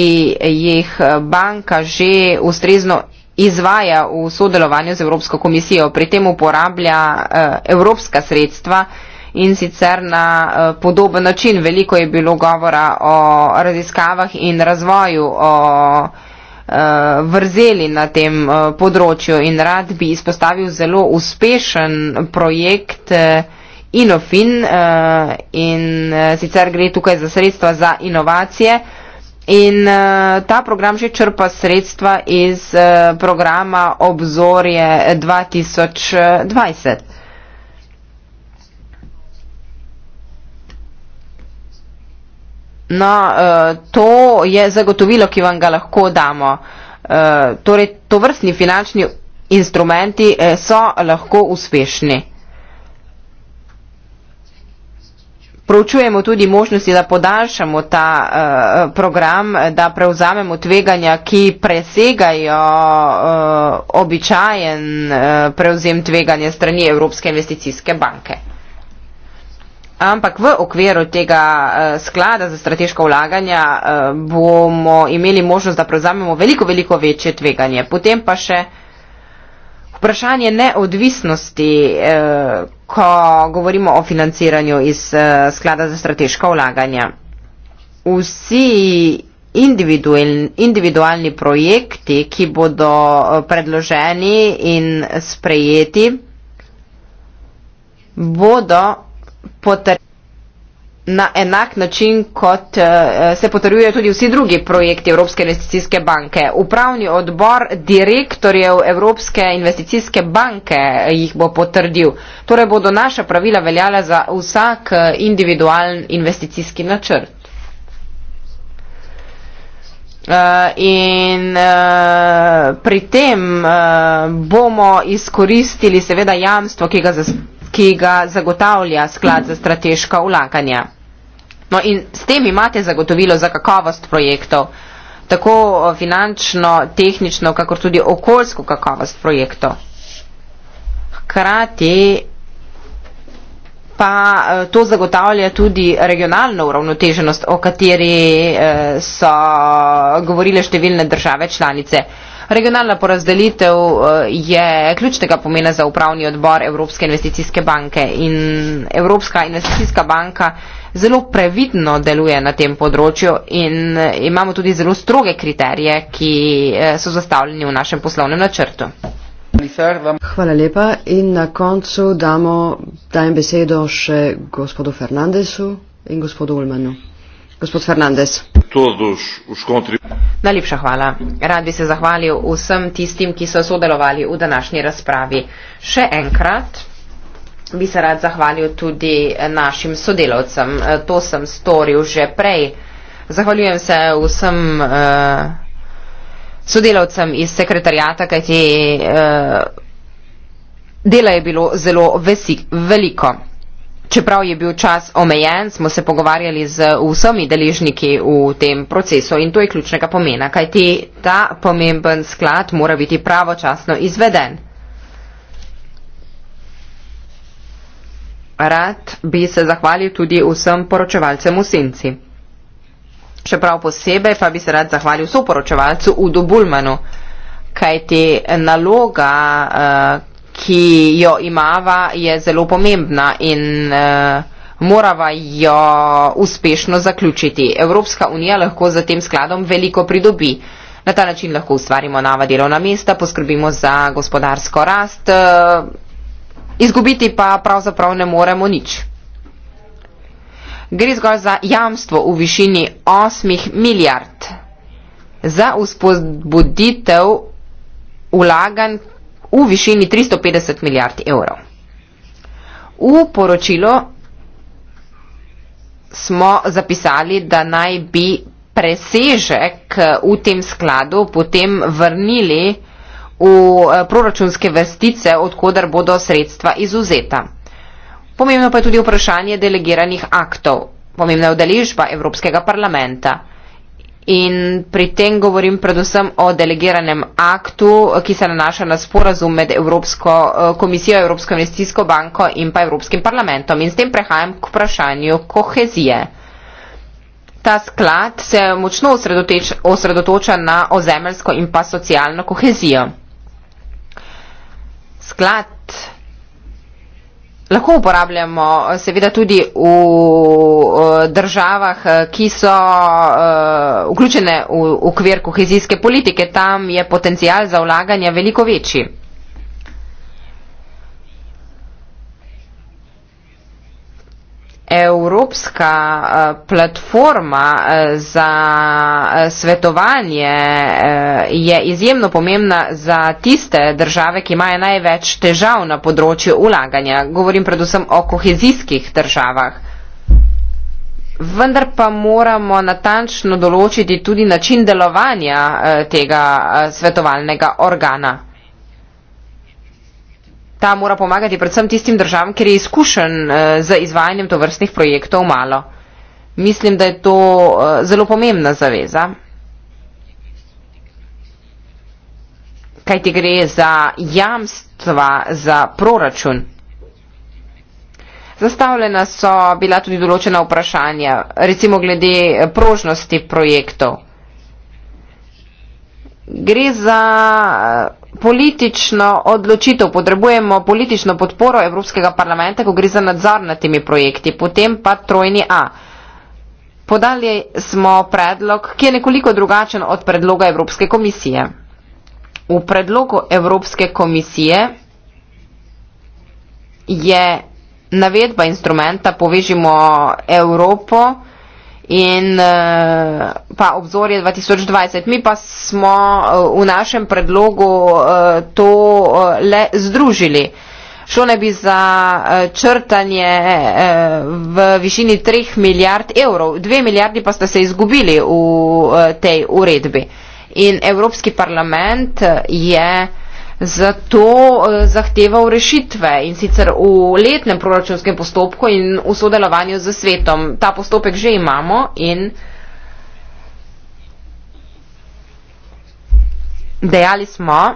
jih banka že ustrezno izvaja v sodelovanju z Evropsko komisijo. Pri tem uporablja eh, evropska sredstva in sicer na eh, podoben način. Veliko je bilo govora o raziskavah in razvoju, o eh, vrzeli na tem področju in rad bi izpostavil zelo uspešen projekt Inofin in sicer gre tukaj za sredstva za inovacije. In uh, ta program že črpa sredstva iz uh, programa Obzorje 2020. Eh, no, uh, to je zagotovilo, ki vam ga lahko damo. Uh, torej, to vrstni finančni instrumenti so lahko uspešni. Proučujemo tudi možnosti, da podaljšamo ta uh, program, da prevzamemo tveganja, ki presegajo uh, običajen uh, prevzem tveganja strani Evropske investicijske banke. Ampak v okviru tega uh, sklada za strateško vlaganje uh, bomo imeli možnost, da prevzamemo veliko, veliko večje tveganje. Potem pa še. Uh, vprašanje neodvisnosti, eh, ko govorimo o financiranju iz eh, sklada za strateško vlaganje. Vsi individualni projekti, ki bodo eh, predloženi in sprejeti, bodo potrebni na enak način, kot uh, se potrjujejo tudi vsi drugi projekti Evropske investicijske banke. Upravni odbor direktorjev Evropske investicijske banke jih bo potrdil. Torej bodo naša pravila veljala za vsak eh, individualen investicijski načrt. Uh, in uh, pri tem uh, bomo izkoristili seveda jamstvo, ki ga, ki ga zagotavlja sklad za strateška ulaganja. No in s tem imate zagotovilo za kakovost projektov, tako finančno, tehnično, kakor tudi okoljsko kakovost projektov. Hkrati pa e, to zagotavlja tudi regionalno uravnoteženost, o kateri e, so govorile številne države članice. Regionalna porazdelitev e, je ključnega pomena za upravni odbor Evropske investicijske banke in Evropska investicijska banka zelo previdno deluje na tem področju in eh, imamo tudi zelo stroge kriterije, ki eh, so zastavljeni v našem poslovnem načrtu. Hvala lepa in na koncu damo, dajem besedo še gospodu Fernandesu in gospodu Ulmanu. Gospod Fernandez. Najlepša hvala. Rad bi se zahvalil vsem tistim, ki so sodelovali v današnji razpravi. Še enkrat bi se rad zahvalil tudi eh, našim sodelovcem. Eh, to sem storil že prej. Zahvaljujem se vsem uh, eh, sodelovcem iz sekretarijata, kajti uh, dela je bilo zelo vesik, veliko. Čeprav je bil čas omejen, smo se pogovarjali z vsemi deležniki v tem procesu in to je ključnega pomena, kajti ta pomemben sklad mora biti pravočasno izveden. Rad bi se zahvalil tudi vsem poročevalcem v Senci. Čeprav posebej pa bi se rad zahvalil soporočevalcu Udo Bulmanu, kajti naloga, eh, ki jo imava, je zelo pomembna in eh, morava jo uspešno zaključiti. Evropska unija lahko za tem skladom veliko pridobi. Na ta način lahko ustvarimo nova delovna mesta, poskrbimo za gospodarsko rast, eh, Izgubiti pa pravzaprav ne moremo nič. Gre zgolj za jamstvo v višini 8 milijard za uspodbuditev ulagan v višini 350 milijard evrov. V poročilo smo zapisali, da naj bi presežek eh, v tem skladu potem vrnili v eh, proračunske vestice, odkudar bodo sredstva izuzeta. Pomembno pa je tudi vprašanje delegiranih aktov, pomembna je udeležba Evropskega parlamenta. In pri tem govorim predvsem o delegiranem aktu, eh, ki se nanaša na sporazum med Evropsko eh, komisijo, Evropsko investicijsko banko in pa Evropskim parlamentom. In s tem prehajam k vprašanju kohezije. Ta sklad se močno osredotoča na ozemelsko in pa socialno kohezijo sklad lahko uporabljamo seveda tudi v eh, državah, ki so eh, vključene v okvir kohezijske politike. Tam je potencial za vlaganje veliko večji. evropska eh, platforma eh, za eh, svetovanje je izjemno pomembna za tiste države, ki imajo največ težav na področju ulaganja. Govorim predvsem o kohezijskih državah. Vendar pa moramo natančno določiti tudi način delovanja tega svetovalnega organa ta mora pomagati predvsem tistim državam, kjer je izkušen eh, z izvajanjem tovrstnih projektov malo. Mislim, da je to eh, zelo pomembna zaveza. Kaj ti gre za jamstva, za proračun? Zastavljena so bila tudi določena vprašanja, recimo glede prožnosti projektov gre za eh, politično odločitev, potrebujemo politično podporo Evropskega parlamenta, ko gre za nadzor nad temi projekti, potem pa trojni A. Podali smo predlog, ki je nekoliko drugačen od predloga Evropske komisije. V predlogu Evropske komisije je navedba instrumenta Povežimo Evropo, in eh, pa obzorje 2020. Mi pa smo eh, v našem predlogu eh, to le združili. Šlo ne bi za črtanje v višini 3 milijard evrov. 2 milijardi pa ste se izgubili v tej uredbi. In Evropski parlament je zato eh, zahteval rešitve in sicer v letnem proračunskem postopku in v sodelovanju z svetom. Ta postopek že imamo in dejali smo,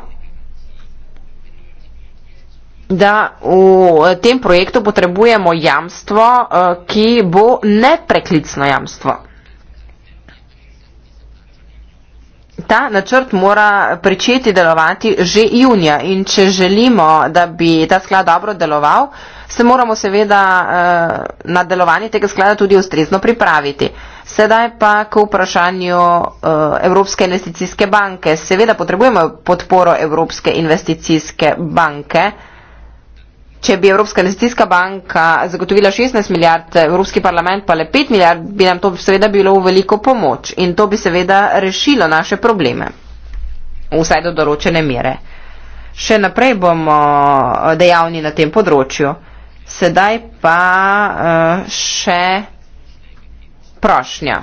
da v tem projektu potrebujemo jamstvo, eh, ki bo nepreklicno jamstvo. Ta načrt mora pričeti delovati že junija in če želimo, da bi ta sklad dobro deloval, se moramo seveda eh, na delovanje tega sklada tudi ustrezno pripraviti. Sedaj pa k vprašanju eh, Evropske investicijske banke. Seveda potrebujemo podporo Evropske investicijske banke če bi Evropska investicijska banka zagotovila 16 milijard, Evropski parlament pa le 5 milijard, bi nam to seveda bilo v veliko pomoč in to bi seveda rešilo naše probleme, vsaj do določene mere. Še naprej bomo eh, dejavni na tem področju. Sedaj pa eh, še prošnja.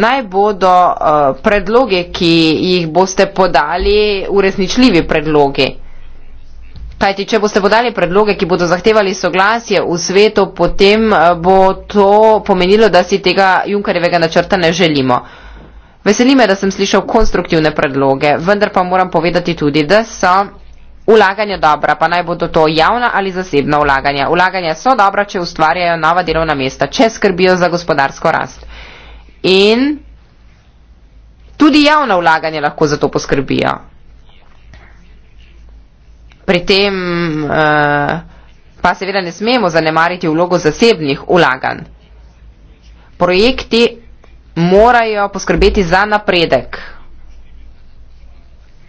Naj bodo eh, predloge, ki jih boste podali, uresničljivi predloge. Kajti, če boste podali predloge, ki bodo zahtevali soglasje v svetu, potem eh, bo to pomenilo, da si tega Junkarjevega načrta ne želimo. Veseli me, da sem slišal konstruktivne predloge, vendar pa moram povedati tudi, da so ulaganja dobra, pa naj bodo to javna ali zasebna ulaganja. Ulaganja so dobra, če ustvarjajo nova delovna mesta, če skrbijo za gospodarsko rast. In tudi javna ulaganja lahko za to poskrbijo. Pri tem uh, pa seveda ne smemo zanemariti vlogo zasebnih ulaganj. Projekti morajo poskrbeti za napredek.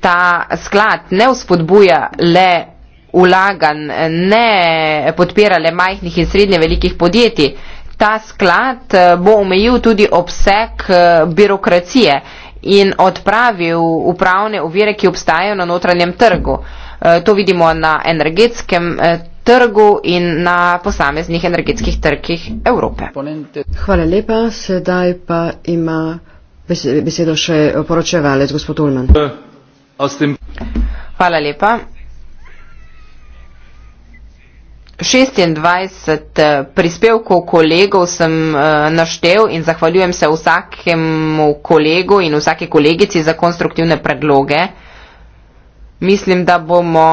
Ta sklad ne vzpodbuja le ulaganj, ne podpira le majhnih in srednje velikih podjetij. Ta sklad eh, bo omejil tudi obseg eh, birokracije in odpravil upravne ovire, ki obstajajo na notranjem trgu. Uh, Eh, to vidimo na energetskem eh, trgu in na posameznih energetskih trgih Evrope. Hvala lepa. Sedaj pa ima besedo še poročevalec gospod Ulman. Hvala lepa. 26 eh, prispevkov kolegov sem uh, naštel in zahvaljujem se vsakemu kolegu in vsake kolegici za konstruktivne predloge. Uh, Mislim, da bomo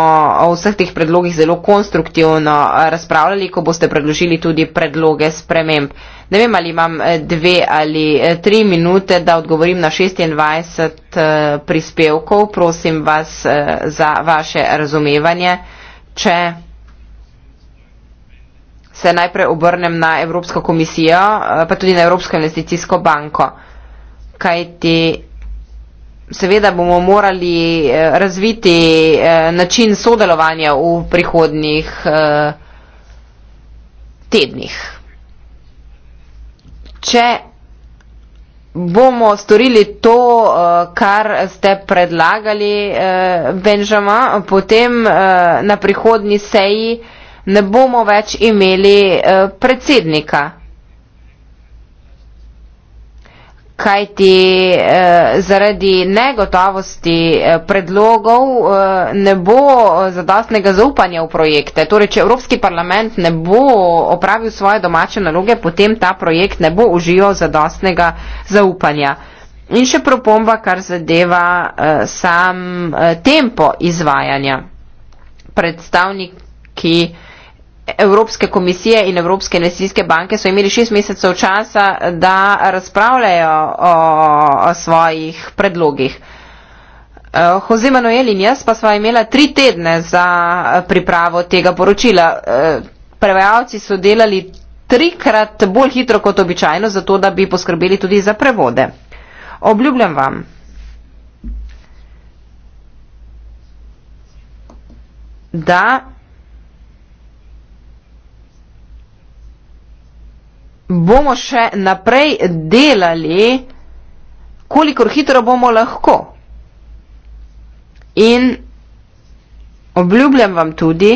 o vseh teh predlogih zelo konstruktivno eh, razpravljali, ko boste predložili tudi predloge sprememb. Ne vem, ali imam eh, dve ali eh, tri minute, da odgovorim na 26 prispevkov. Prosim vas za vaše razumevanje. Če se najprej obrnem na Evropsko komisijo, pa tudi na Evropsko investicijsko banko. Kaj ti seveda bomo morali eh, razviti eh, način sodelovanja v prihodnih eh, tednih. Če bomo storili to, kar ste predlagali, Benžama, potem na prihodnji seji ne bomo več imeli predsednika kajti eh, zaradi negotovosti eh, predlogov eh, ne bo eh, zadostnega zaupanja v projekte. Torej, če Evropski parlament ne bo opravil svoje domače naloge, potem ta projekt ne bo užival zadostnega zaupanja. In še propomba, kar zadeva eh, sam eh, tempo izvajanja. Predstavniki eh, Evropske komisije in Evropske investicijske banke so imeli šest mesecev časa, da razpravljajo o, o svojih predlogih. Eh, Jose Manuel in jaz pa sva imela tri tedne za pripravo tega poročila. Eh, prevajalci so delali trikrat bolj hitro kot običajno, zato da bi poskrbeli tudi za prevode. Obljubljam vam. Da bomo še naprej delali, kolikor hitro bomo lahko. In obljubljam vam tudi,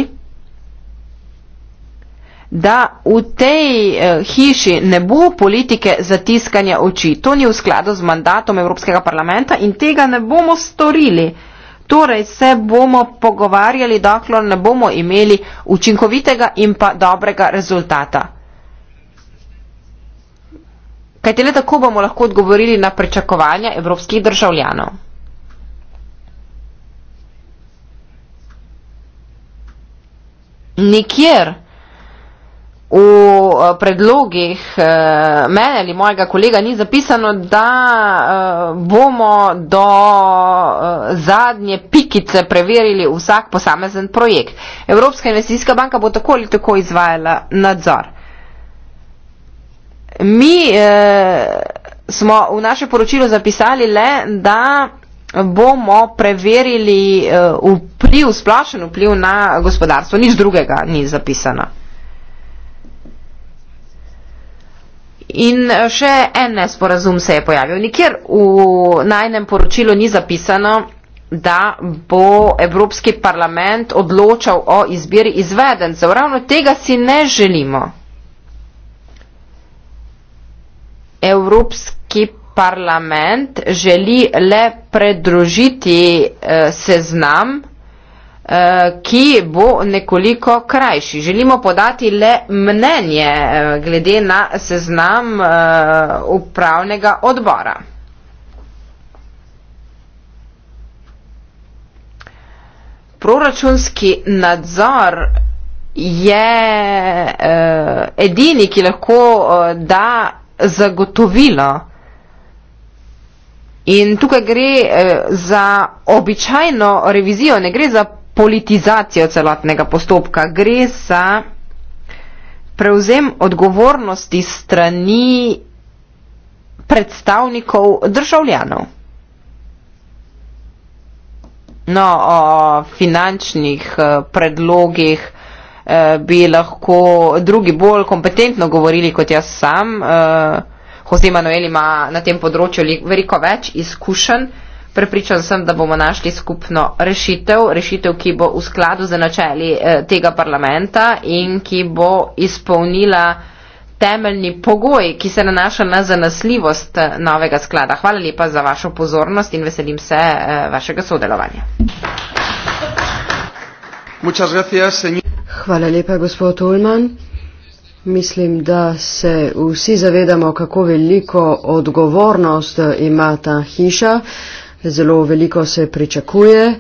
da v tej eh, hiši ne bo politike zatiskanja oči. To ni v skladu z mandatom Evropskega parlamenta in tega ne bomo storili. Torej se bomo pogovarjali, dokler ne bomo imeli učinkovitega in pa dobrega rezultata kajte le tako bomo lahko odgovorili na pričakovanja evropskih državljanov. Nikjer v eh, predlogih eh, mene ali mojega kolega ni zapisano, da eh, bomo do zadnje pikice preverili vsak posamezen projekt. Evropska investicijska banka bo tako ali tako izvajala nadzor. Mi eh, smo v naše poročilo zapisali le, da bomo preverili eh, vpliv, splošen vpliv na gospodarstvo. Nič drugega ni zapisano. In eh, še en nesporazum se je pojavil. Nikjer v najnem poročilu ni zapisano, da bo Evropski parlament odločal o izbiri izvedencev. Ravno tega si ne želimo. Evropski parlament želi le predružiti eh, seznam, eh, ki bo nekoliko krajši. Želimo podati le mnenje eh, glede na seznam eh, upravnega odbora. Proračunski nadzor je eh, edini, ki lahko eh, da zagotovilo. In tukaj gre eh, za običajno revizijo, ne gre za politizacijo celotnega postopka, gre za prevzem odgovornosti strani predstavnikov državljanov. No, o finančnih eh, predlogih. Eh, bi lahko drugi bolj kompetentno govorili kot jaz sam. Eh, Jose Manuel ima na tem področju veliko več izkušenj. Prepričan sem, da bomo našli skupno rešitev, rešitev, ki bo v skladu z načeli eh, tega parlamenta in ki bo izpolnila temeljni pogoj, ki se nanaša na zanesljivost novega sklada. Hvala lepa za vašo pozornost in veselim se vašega sodelovanja. Hvala lepa, gospod Ulman. Mislim, da se vsi zavedamo, kako veliko odgovornost ima ta hiša. Zelo veliko se pričakuje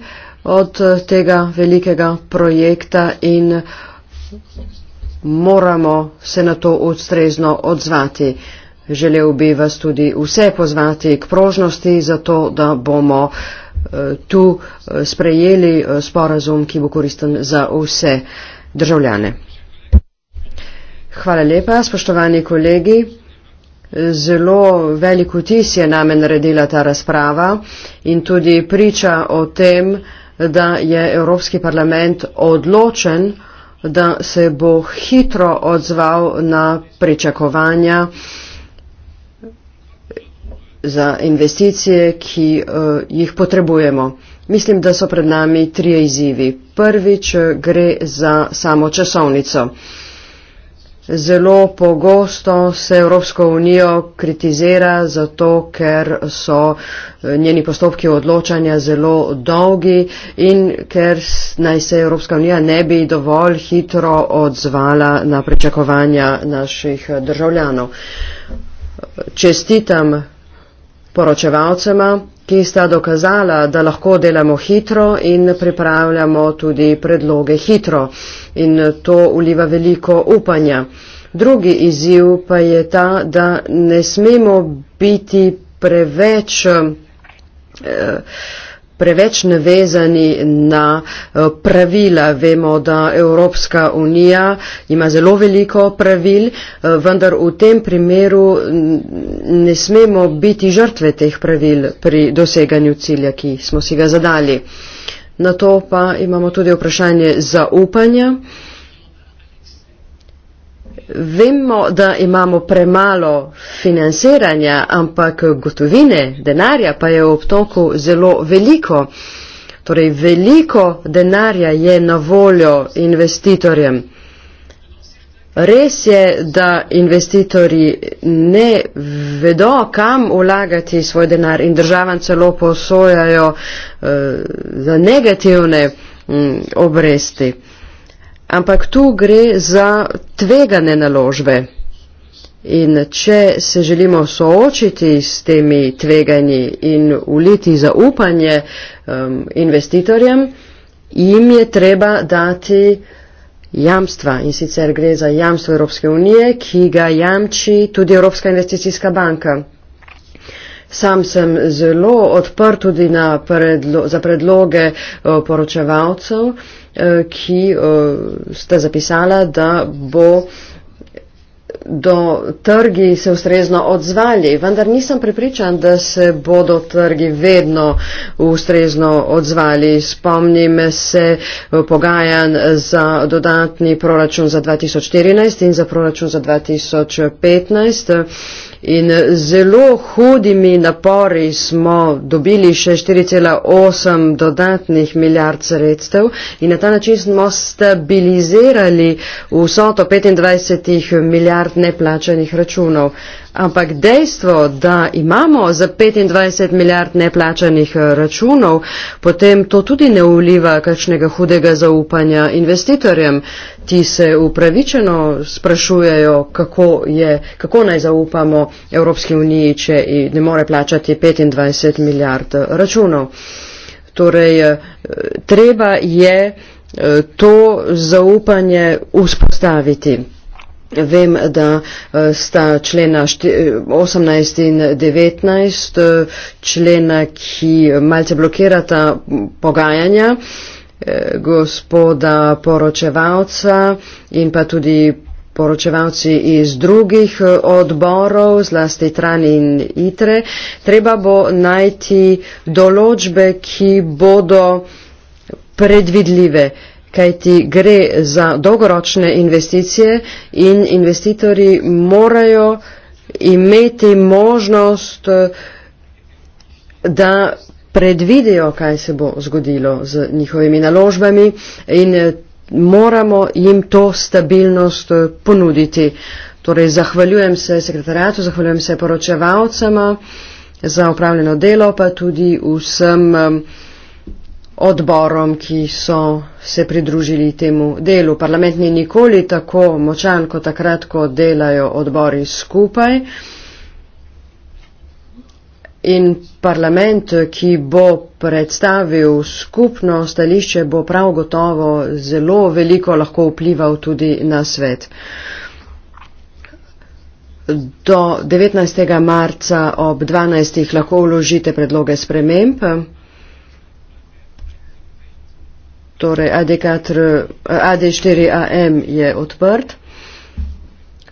od tega velikega projekta in moramo se na to ustrezno odzvati. Želel bi vas tudi vse pozvati k prožnosti, zato da bomo Eh, tu eh, sprejeli eh, sporazum, ki bo koristen za vse državljane. Hvala lepa, spoštovani kolegi. Zelo veliko tis je name naredila ta razprava in tudi priča o tem, da je Evropski parlament odločen, da se bo hitro odzval na pričakovanja za investicije, ki uh, jih potrebujemo. Mislim, da so pred nami trije izzivi. Prvič eh, gre za samo časovnico. Zelo pogosto se Evropsko unijo kritizira zato, ker so eh, njeni postopki odločanja zelo dolgi in ker naj se Evropska unija ne bi dovolj hitro odzvala na pričakovanja naših državljanov. Čestitam poročevalcema, ki sta dokazala, da lahko delamo hitro in pripravljamo tudi predloge hitro. In to uliva veliko upanja. Drugi izziv pa je ta, da ne smemo biti preveč. Eh, preveč navezani na eh, pravila. Vemo, da Evropska unija ima zelo veliko pravil, eh, vendar v tem primeru ne smemo biti žrtve teh pravil pri doseganju cilja, ki smo si ga zadali. Na to pa imamo tudi vprašanje zaupanja. Vemo, da imamo premalo financiranja, ampak gotovine, denarja pa je v obtoku zelo veliko. Torej, veliko denarja je na voljo investitorjem. Res je, da investitorji ne vedo, kam ulagati svoj denar in državam celo posojajo uh, za negativne um, obresti. Uh, ampak tu gre za tvegane naložbe. In če se želimo soočiti s temi tveganji in uliti zaupanje um, investitorjem, jim je treba dati jamstva. In sicer gre za jamstvo Evropske unije, ki ga jamči tudi Evropska investicijska banka. Sam sem zelo odprt tudi predlo za predloge eh, poročevalcev, eh, ki eh, ste zapisala, da bo do trgi se ustrezno odzvali, vendar nisem prepričan, da se bodo trgi vedno ustrezno odzvali. Spomnim se pogajan za dodatni proračun za 2014 in za proračun za 2015. In eh, zelo hudimi napori smo dobili še 4,8 dodatnih milijard sredstev in na ta način smo stabilizirali vso to 25 milijard neplačanih računov. Ampak dejstvo, da imamo za 25 milijard neplačanih eh, računov, potem to tudi ne uliva kakšnega hudega zaupanja investitorjem. Ti se upravičeno sprašujejo, kako, je, kako naj zaupamo Evropski uniji, če ne more plačati 25 milijard eh, računov. Torej, eh, treba je to zaupanje vzpostaviti. Vem, da eh, sta člena 18 in 19 eh, člena, ki malce blokirata pogajanja eh, gospoda poročevalca in pa tudi poročevalci iz drugih odborov, zlasti Tran in Itre. Treba bo najti določbe, ki bodo predvidljive kajti gre za dolgoročne investicije in investitori morajo imeti možnost, da predvidijo, kaj se bo zgodilo z njihovimi naložbami in eh, moramo jim to stabilnost eh, ponuditi. Torej, zahvaljujem se sekretarjatu, zahvaljujem se poročevalcama za upravljeno delo, pa tudi vsem um, odborom, ki so se pridružili temu delu. Parlament ni nikoli tako močan, kot takrat, ko delajo odbori skupaj. In parlament, ki bo predstavil skupno stališče, bo prav gotovo zelo veliko lahko vplival tudi na svet. Do 19. marca ob 12. lahko vložite predloge sprememb torej AD4, AD4AM je odprt.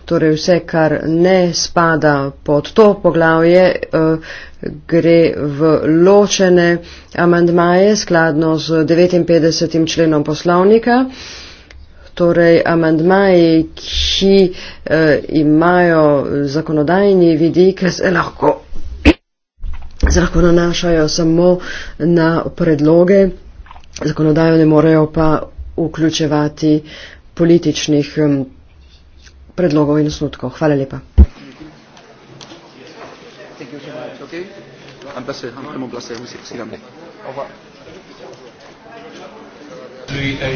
Torej vse, kar ne spada pod to poglavje, eh, gre v ločene amandmaje skladno z 59. členom poslovnika. Torej amandmaji, ki eh, imajo zakonodajni vidik, se lahko, se lahko nanašajo samo na predloge zakonodajo ne morejo pa vključevati političnih um, predlogov in osnutkov. Hvala lepa. Okay.